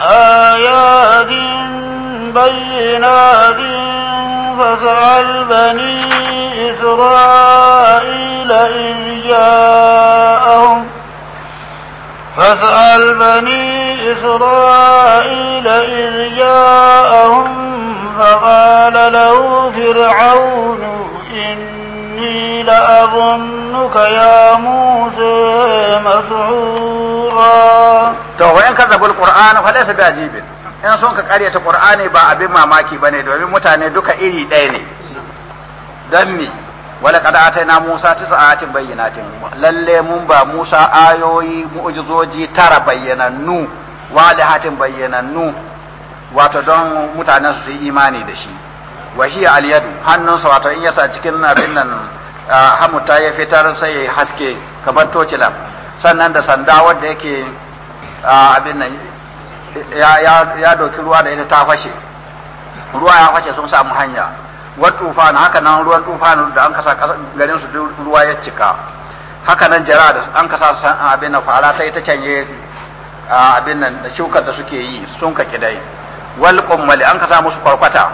آيات بينات فسأل بني إسرائيل إذ جاءهم فاسأل بني إسرائيل إذ جاءهم فقال له فرعون إني لأظنك يا موسى مسعورا تو وإن كذبوا القرآن فليس بعجيب in son ka karyata qur'ani ba abin mamaki bane domin mutane duka iri ɗaya ne don me wala yi ataina musa tis'atin bayyinatin lalle mun ba musa ayoyi mu'jizoji tara bayyanannu wa wadahatin bayyanannu wato don mutanen su yi imani da shi wa hiya al hannunsa wato in yasa cikin abin nan hamuta ya fitar sai ya haske kamar tocilan sannan da sanda wanda yake abin nan ya dauki ruwa da ita ta fashe ruwa ya fashe sun samu hanya wat tufan haka nan ruwan tufan da an kasa garin su ruwa ya cika haka nan jira da an kasa san abin na fara ta ita canye abin nan da shukar da suke yi sun ka kidai wal qummali an kasa musu kwarkwata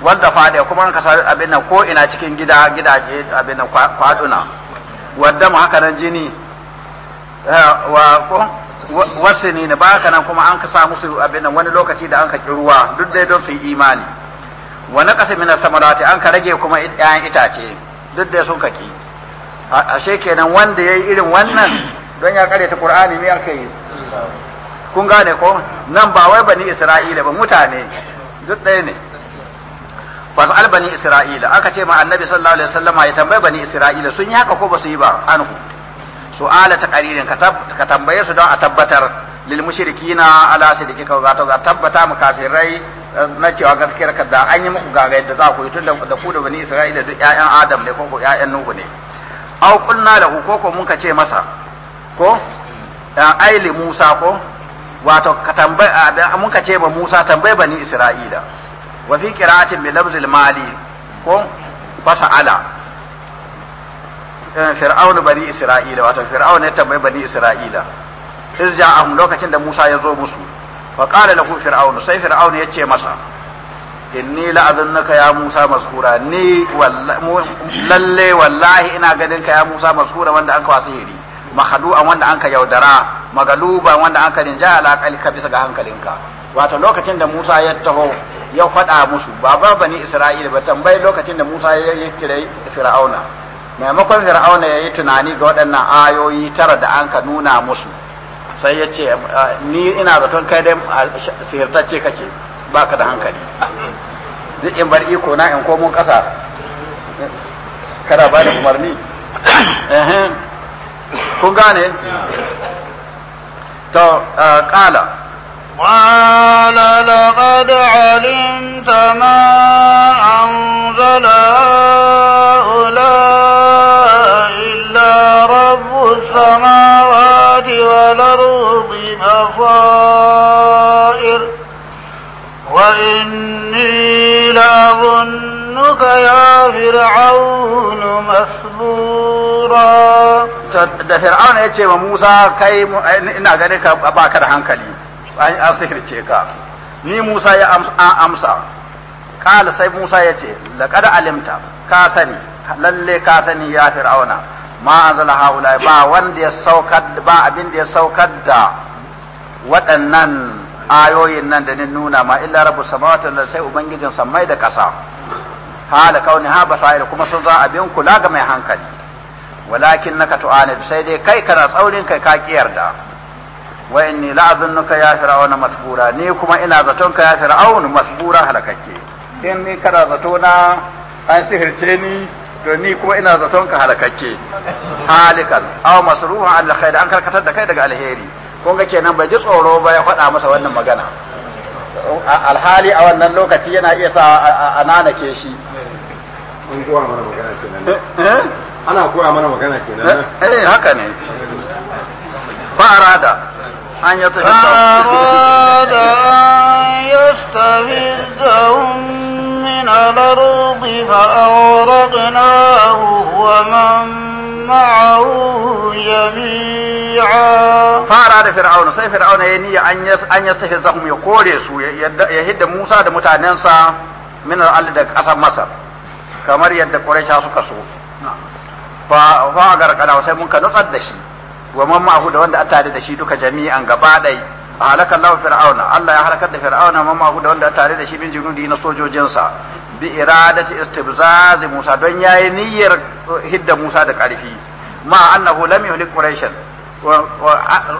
wal da fada kuma an kasa abin nan ko ina cikin gida gidaje abin nan kwaduna wadda haka nan jini eh, wa ko wasu ne ba baka nan kuma an ka sa musu abin nan wani lokaci da an ka ruwa duk dai don su yi imani wa naqasa mina samarati an ka rage kuma ɗayan itace duk dai sun kaki ashe kenan wanda ya yi irin wannan don ya kare ta qur'ani me aka yi kun gane ko nan ba wai bani isra'ila ba mutane duk ɗaya ne fas'al bani isra'ila aka ce ma annabi sallallahu alaihi wasallama ya tambayi bani isra'ila sun yi haka ko ba su yi ba anhu su'ala ta qaririn ka tambaye su don a tabbatar lil mushrikina ala sidqika wa ta tabbata mu kafirai eh, na cewa gaskiyar ka da an yi muku gaga yadda za ku yi tunda da ku da bani isra'ila duk ƴaƴan adam ne ko ko ƴaƴan nuhu ne aw qulna lahu ko ko mun ka ce masa ko aili musa ko wato ka tambaye mun ka ce ba musa tambaye bani isra'ila wa fi qira'atin bi lafzil mali ko ala. fir'aunu bani isra'ila wato fir'aun ya tambayi bani isra'ila iz ja'ahum lokacin da Musa ya zo musu fa qala lahu fir'aun sai fir'aun ya ce masa inni la'adunnaka ya Musa maskura ni lalle wallahi ina ganin ka ya Musa maskura wanda an kawo sihiri mahadu'an wanda an ka yaudara magaluban wanda an ka rinja ala ka bisa ga hankalinka wato lokacin da Musa ya taho ya faɗa musu ba ba bani Isra'ila ba tambayi lokacin da Musa ya kira Fir'auna maimakon fir'auna ya yi tunani ga waɗannan ayoyi tara da an ka nuna musu sai ya ce ni ina zaton kai dai sihirtacce kake baka da hankali duk in bar iko na in komo ƙasa kada ba da umarni kun gane to ƙala قال لقد علمت ما أنزل إني لأظنك يا فرعون مسبورا da fir'auna ya ce wa Musa kai ina ganin ka baka da hankali an sihirce ka ni Musa ya amsa qala sai Musa ya ce laqad alimta ka sani lalle ka sani ya fir'auna ma anzala haula ba wanda ya saukar ba abin da ya saukar da waɗannan ayoyin nan da ni nuna ma illa rabu samawati wal sai ubangijin samai da kasa hala kauni ha basair kuma sun za abin kula ga mai hankali walakin naka tu'ani sai dai kai kana tsaurin kai ka da wa inni la'azunnuka ya fir'auna masbura ni kuma ina zaton ka ya fir'auna masbura halakake in ni kana zato na an sihirce ni to ni kuma ina zaton ka halakake halikan aw masruha al khair an karkatar da kai daga alheri kun ga kenan bai ji tsoro ba ya faɗa masa wannan magana alhali a wannan lokaci yana iya sa a nanake shi an koya mana magana kenan eh, eh? ana koya mana magana kenan eh, eh haka ne فأراد أن يطهر فأراد أن يستفزهم من الأرض فأورقناه ومن fara da fir'auna sai fir'auna ya niyya an an yas ta hizzahum ya kore su ya hidda Musa da mutanansa min al da kasar Masar kamar yadda quraisha suka so fa fa garkada sai mun ka nutsa da shi wa mamahu da wanda aka tare da shi duka jami'an gaba dai halaka Allah fir'auna Allah ya halakar da fir'auna mamma da wanda tare da shi bin jinudi na sojojinsa bi iradati istibzaz Musa don yayi niyyar hidda Musa da ƙarfi ma annahu lam yuhlik quraish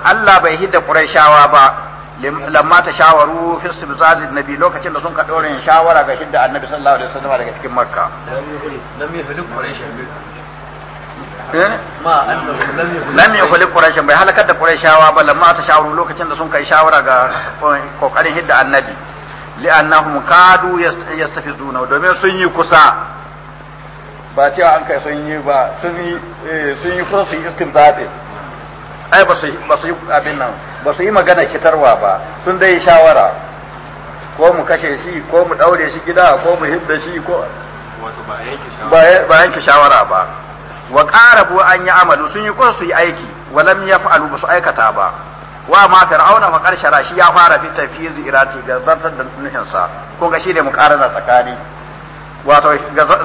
Allah bai hidda quraishawa ba lamma ta shawaru fi istibzaz annabi lokacin da sun ka dore shawara ga hidda annabi sallallahu alaihi wasallam daga cikin makka lam yuhlik quraish Eh? lam yukhliq quraish bai halakar da quraishawa ba lamma ta shawaru lokacin da sun kai shawara ga kokarin hidda annabi annahum kadu yastafizuna domin sun yi kusa ba cewa an kai sun yi ba sun yi eh, sun yi kusa su yi istimzaɗe ai ba su ba su yi abin nan ba su yi magana kitarwa ba sun dai shawara ko mu kashe shi ko mu daure shi gida ko mu hidda shi ko ba yanke shawara ba wa qarabu an yi amalu sun yi kusa su yi aiki walam yaf'alu ba su aikata ba wa ma fir'auna fa karshara shi ya fara fi tafiyiz irati ga zartar da nuhin sa ko ga shine muqarana tsakani wato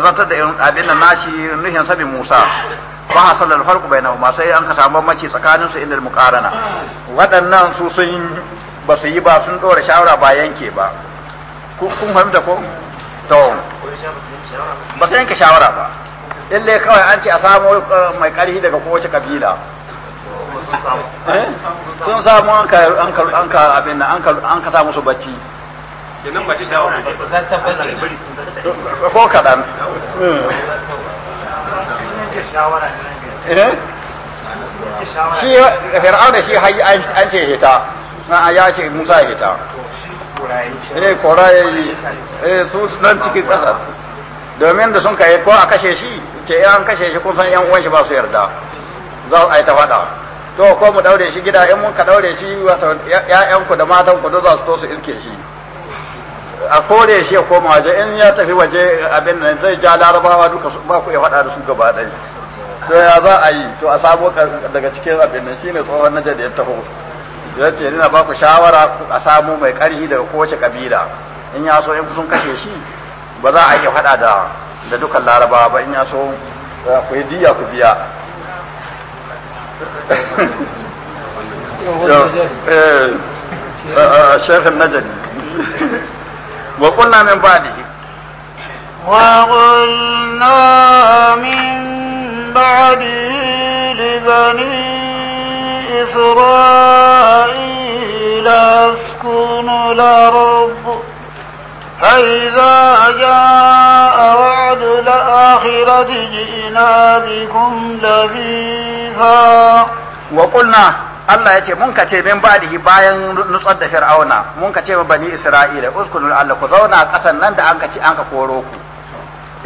zartar da abin nan nashi nuhin sa bi Musa ba hasal al farq bainahuma sai an ka samu bambanci tsakanin su inda muqarana waɗannan su sun ba su yi ba sun dora shawara ba yanke ba kun fahimta ko to ba sai yanke shawara ba lalle kawai an ce a samu eh, mai ƙarfi daga kowace kabila eh? sun samu an ka abin nan an ka samu su bacci ko kaɗan eh? shi fir'auna shi an ce hita na ya ce musa hita eh koraye eh su nan cikin kasar domin da sun kai ko a kashe shi ce an kashe shi kun san yan uwan shi ba su yarda za a yi ta faɗa to ko mu daure shi gida in mun ka daure shi wato ƴaƴan ku da matan ku za su to su iske shi a kore shi ya koma waje in ya tafi waje abin nan zai ja larabawa duka ba ku ya faɗa da su gaba ɗaya to ya za a yi to a samo daga cikin abin nan shine tsohon najar da ya taho ya ce ina ba ku shawara a samo mai ƙarfi daga kowace kabila in ya so in sun kashe shi ba za a iya faɗa da da duka laraba ba in yaso ku yi diya ku biya eh, shekhan najadi wa kunna min ba'dih wa qulna min ba'dih لقد Allah ya ce mun ka ce min badihi bayan nutsar da Fir'auna mun ka ce ma bani Isra'ila uskunu Allah ku zauna kasan nan da an ka ci an ka koro ku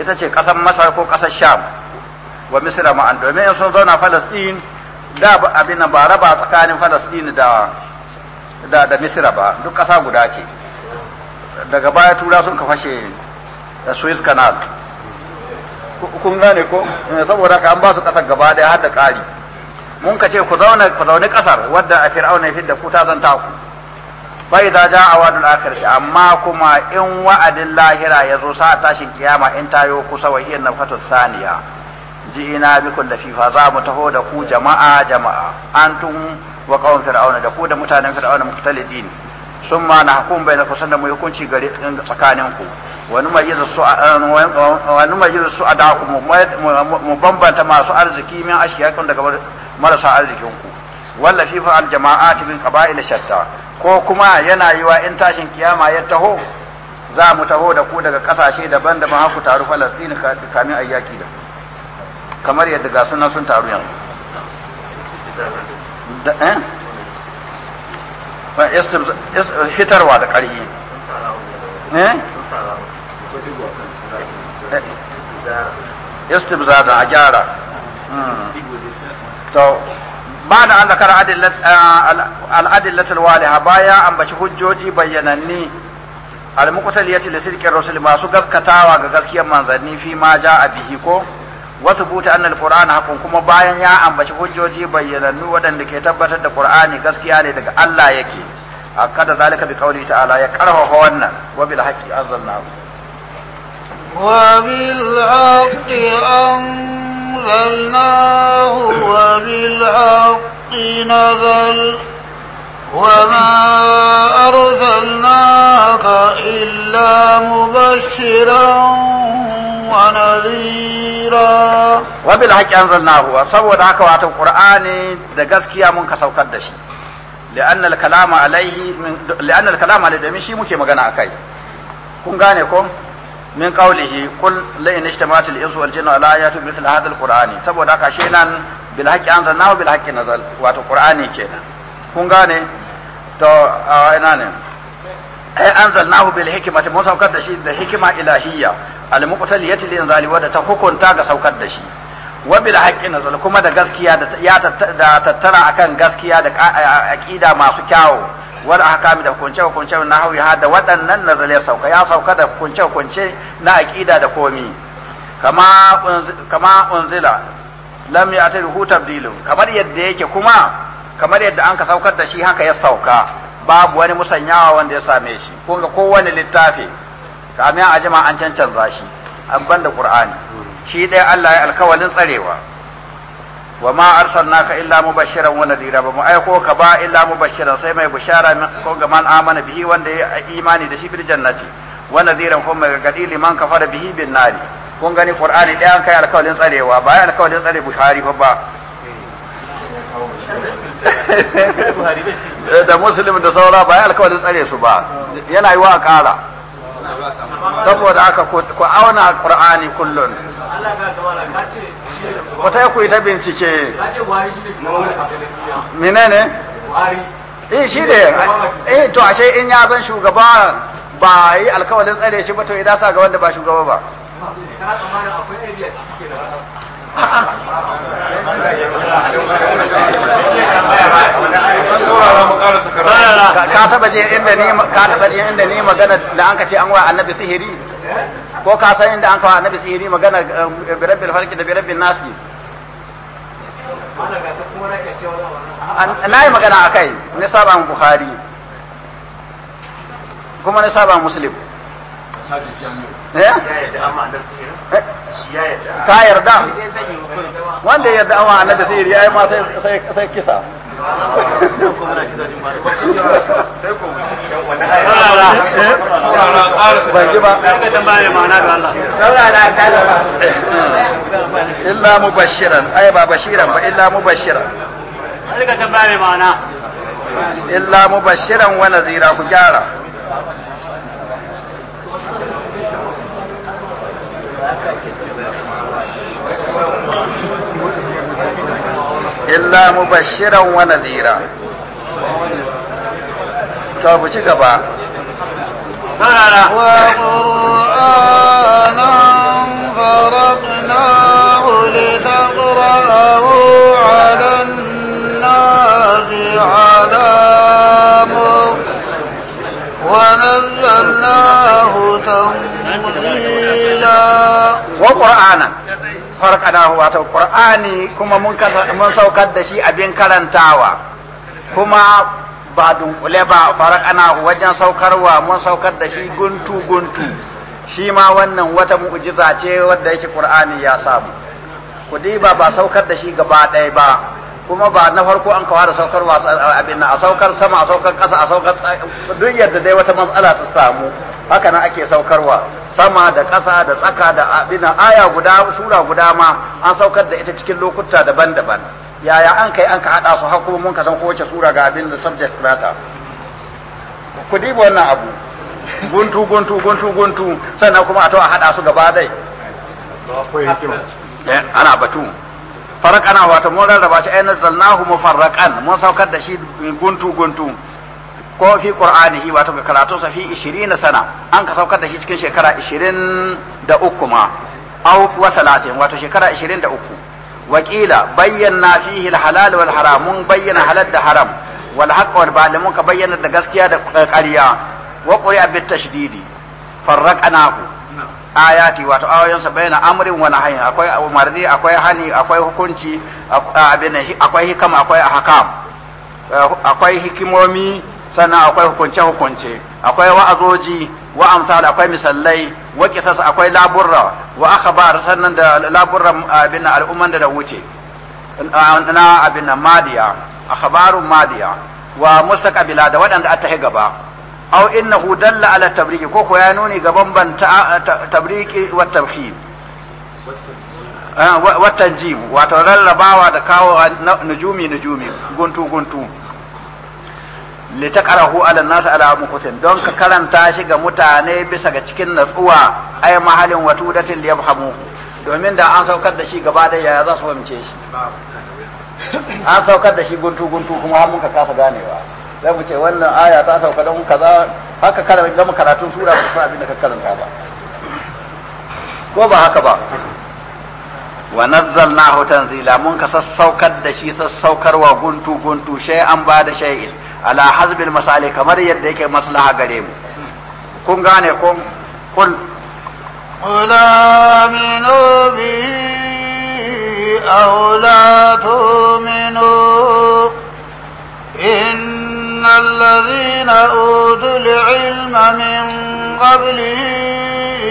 ita ce kasan Masar ko kasan Sham wa Misra ma domin sun zauna Palestine da abin ba raba tsakanin Palestine da da Misra ba duk kasa guda ce daga baya tura sun fashe Suez Canal kun gane ko saboda ka an ba su kasar gaba daya har da kari mun ka ce ku zauna ku zauna kasar wadda a fir'auna fidda ku ta zanta ku bai da ja a wadul akhirati amma kuma in wa'adin lahira ya zo sa tashin kiyama in tayo kusa wa hiyan nafatu thaniya ji'ina bikum lafifa za mu taho da ku jama'a jama'a antum wa qawm fir'auna da ku da mutanen fir'auna mukhtalidin summa hukum bainakum sannan mu hukunci gare tsakanin ku wani majizu su eh, wani majizu su adaku mu bambanta masu arziki min ashiyakum daga marasa arzikin ku walla fi fa al jama'at min qaba'il shatta ko kuma yana yiwa in tashin kiyama ya taho za mu taho da ku daga kasashe daban da haku taru Falastin kamin ayyaki da kamar yadda ga sunan sun taru yanzu fitarwa da ƙarfi eh istibzada a gyara to ba da an zakara al'adillatul waliha baya ambaci hujjoji bayyananni al-muqtaliyati li sidqir rasul masu gaskatawa ga gaskiyar manzanni fi ma a bihi ko wasu buta annal qur'ana hakun kuma bayan ya ambaci hujjoji bayyanannu waɗanda ke tabbatar da qur'ani gaskiya ne daga Allah yake akada zalika bi qawli ta'ala ya karfafa wannan wa bil haqqi ku. وبالحق أنزلناه وبالحق نزل وما أرسلناك إلا مبشرا ونذيرا وبالحق أنزلناه سبب هكا واتو القرآن دقسكيا منك سوكت دشي لأن الكلام عليه من... لأن الكلام عليه دمشي مكي مغانا أكاي كون غاني كون min qawlihi kul la in ijtama'at al-insu wal jinna ala ayati mithla hadha al-qur'ani saboda haka shi nan bil haqqi wa bil haqqi nazal wato qur'ani kenan kun gane to ina ne ai hu bil hikmati mun saukar da shi da hikima ilahiyya al muqtaliyati lin wa da ta hukunta ga saukar da shi wa bil haqqi nazal kuma da gaskiya da ya tattara akan gaskiya da aqida masu kyawu wal ahkam da kunce kunce na hawi hada waɗannan nazal ya sauka ya sauka da kunce kunce na aqida da komi kama kama unzila lam ruhu tabdilu kamar yadda yake kuma kamar yadda an ka saukar da shi haka ya sauka babu wani musanyawa wanda ya same shi kunga kowane littafi kamar a jima an cancanza shi an banda qur'ani shi dai Allah ya alkawalin tsarewa wa ma arsalnaka illa mubashiran wa nadira ba mu aiko ka ba illa mubashiran sai mai bushara ko ga man amana bihi wanda ya imani da shi bil jannati wa nadiran ko mai gargadi liman kafara bihi bin nari kun gani qur'ani dai an kai alkawalin tsarewa ba ai alkawalin tsare buhari fa ba da muslim da saura ba ai alkawalin tsare su ba yana yi wa kara saboda aka ku auna qur'ani kullun Allah ka ce ku ta ku ta bincike menene eh shi da eh to ashe in ya zan shugaba ba yi alkawalin tsare shi ba to idan sa ga wanda ba shugaba ba ka taba je inda ni ka taba je inda ni magana da an ka ce an wa annabi sihiri ko ka san inda an ka wa annabi sihiri magana eh, bi rabbil falqi da bi rabbin nasi na yi magana a kai ni saba bukhari kuma ni saba muslim ta eh? yarda wanda ya yarda amma annabi sihiri ya yi ma sai kisa illa mubashiran ai ba bashiran ba illa mubashiran illa mubashiran wa nazira ku gyara illa mubashiran wa nazira. to bu ci gaba على ونزلناه تنزيلا وقرآنا farkadahu wato qur'ani kuma mun mun saukar da shi abin karantawa kuma ba dunkule ba farkanahu wajen saukarwa mun saukar da shi guntu guntu shi ma wannan wata mu'jiza ce wadda yake qur'ani ya samu kudi ba ba saukar da shi gaba ɗaya ba kuma ba na farko an da saukar abin a saukar sama a saukar kasa a saukar duk yadda dai wata matsala ta samu haka nan ake saukarwa sama da kasa da tsaka da abin aya guda sura guda ma an saukar da ita cikin lokuta daban-daban yaya an kai an ka hada su har kuma mun ka san kowace sura ga abin da subject matter ku dibo wannan abu guntu guntu guntu guntu sannan kuma a to a hada su gaba dai eh, ana batu faraqana wato mun rarraba shi ayyana zalnahu mufarraqan mun saukar da shi guntu guntu ko fi qur'anihi wato ga karatun sa fi 20 sana an ka saukar da shi cikin shekara 20 da uku ma aw wa 30 wato shekara 20 da uku wakila bayyana fihi alhalal wal haram mun bayyana halal da haram wal haqq wal batil mun ka bayyana da gaskiya da ƙarya wa qur'a bit tashdidi farraqanahu ayati wato ayoyinsa bayyana amrin wani hanyar akwai umarni akwai hani akwai hukunci akwai hikama akwai ahkam eh, akwai hikimomi sannan akwai hukunce hukunce akwai wa'azoji wa amsal akwai misallai wa qisas akwai laburra wa akhbar sannan da laburra abin al'umman da da wuce na abin madiya akhbarun madiya wa mustaqbila da waɗanda aka gaba aw innahu dalla ala tabriki ko ko ya nuni ga bambanta tabriki wa tabhim ah, wa tanjim wato rarrabawa da kawo nujumi nujumi guntu guntu li taqrahu ala nas ala muqtin don ka karanta shi ga mutane bisa ga cikin natsuwa ay mahalin watudatin li yafhamu domin da an saukar da shi gaba da ya za su fahimce shi an saukar da shi guntu guntu kuma mun ka kasa ganewa za mu ce wannan aya ta sauka don kaza haka kana gama karatun sura ba san abin da ka karanta ba ko ba haka ba wa nazzalnahu tanzila mun ka sassaukar da shi sassaukarwa guntu guntu an ba da shay'il ala hazbil masali kamar yadda yake maslaha gare mu kun gane kun kun قل آمنوا به أو الذين أوتوا العلم من قبله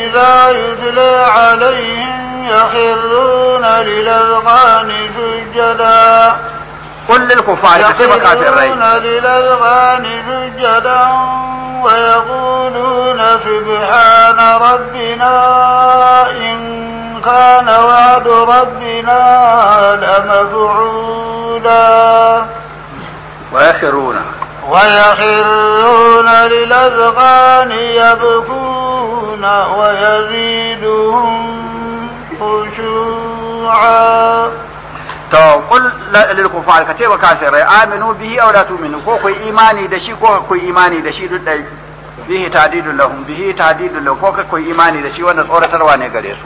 إذا يتلى عليهم يخرون للأذقان سجدا قل للكفار يخرون للأذقان سجدا ويقولون سبحان ربنا إن كان وعد ربنا لمفعولا ويخرون ويخرون للأذقان يبكون ويزيدهم خشوعا to kul lil kufar ka ce wa kafirai aminu bihi aw la tu'minu ko kai imani da shi ko kai imani da shi duk dai bihi tadidul lahum bihi tadidul lahum ko kai imani da shi wanda tsoratarwa ne gare su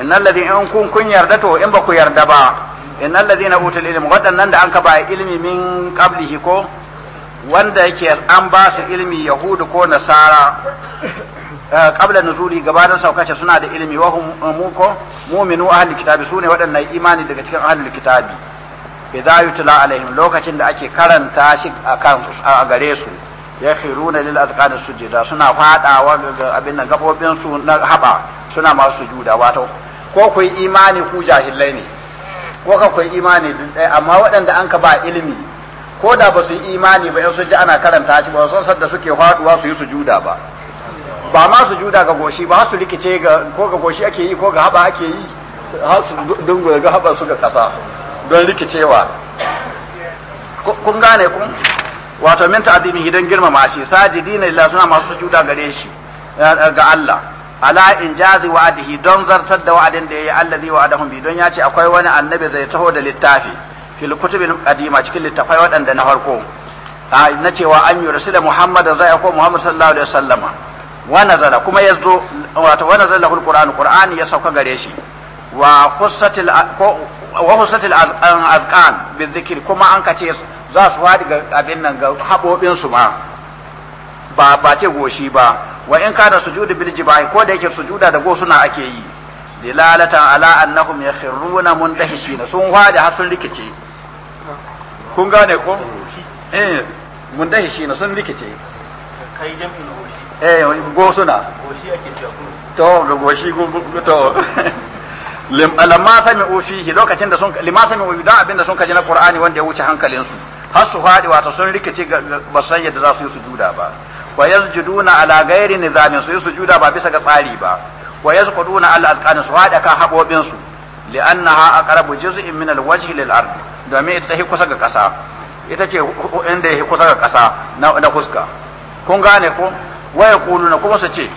innal ladhi in kun kun yarda to in ba ku yarda ba innal ladina utul ilm waɗannan da an ka ba ilmi min qablihi ko wanda yake an ba su ilmi yahudu ko nasara eh, qabla nuzuli gabanin saukace suna da ilmi wa hum eh, mu'minu ahli kitabi sune waɗannan imani daga cikin ahli kitabi idza yutla alaihim lokacin da ake karanta shi akan a gare su ya khiruna lil azqan sujida suna fadawa ga abin nan gabobin su na haba suna masu sujuda wato ko ku imani ku jahilai ne ko ka ku imani amma waɗanda an ka ba ilmi ko da ba su yi imani ba in sun ji ana karanta shi ba sun san da suke faduwa su yi sujuda ba ba ma sujuda ga goshi ba su rikice ga ko ga goshi ake yi ko ga haba ake yi har su dungura ga haba su ga kasa don rikicewa kun gane kun wato min ta'zimi hidan girmama shi sajidina lillahi suna masu sujuda gare shi eh, eh, ga Allah ala injazi wa'adihi don zartar da wa'adin da yayi allazi wa'adahum bi don ya ce akwai wani annabi zai taho da littafi fil kutubil qadima cikin littafai waɗanda na farko na cewa an yi rasul Muhammad da zai ko Muhammad sallallahu alaihi wasallama wa nazala kuma yazo wato wa nazala qur'an qur'ani ya sauka gare shi wa khussatil wa khussatil azqan dhikr kuma an kace za su fadi ga abin nan ga habobin su ma ba ba ce goshi ba wa in kana sujudu bil jibahi ko da yake sujuda da gosuna ake yi dilalatan ala annahum yakhruna mundahishina sun fadi har sun rikice kun gane ko eh, eh mun dahi shi na sun rikice kai jam'in goshi eh go goshi ake cewa to ga goshi to lamma sami'u fihi lokacin da sun lima limma sami'u da abin da sun kaji na qur'ani wanda ya wuce hankalin su har su fadi wato sun rikice ba san yadda za su yi sujuda ba wa yasjuduna ala ghairi nizamin su yi sujuda ba bisa ga tsari ba wa yasquduna ala alqani su fadi kan habobin su li'annaha aqrabu juz'in min alwajhi lil ardh domin ita ta kusa ga ƙasa ita ce inda ya kusa ga ƙasa na huska kun gane ko waya na kuma su ce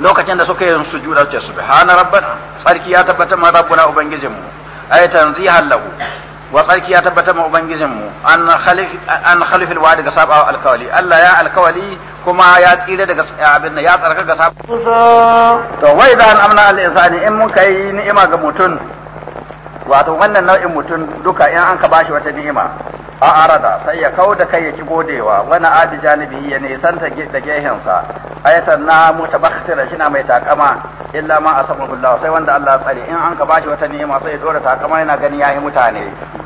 lokacin da suka yi sujuda ce subhana rabban tsarki ya tabbata ma rabbuna ubangijinmu ay tanzihan lahu wa tsarki ya tabbata ma ubangijinmu an khalif an khalif alwa'd daga saba alkawali Allah ya alkawali kuma ya tsira daga abin nan ya tsarka ga saba to wai da an amna al insani in mun kai ni'ima ga mutum wato wannan nau'in mutum duka in an ka bashi wata ni'ima a arada sai ya kau da kai ya ci godewa wani adi janibi ya nisanta da gehensa ayatan na shi shina mai takama illa ma asabullah sai wanda Allah ya tsare in an ka bashi wata ni'ima sai ya dora takama yana gani yayi mutane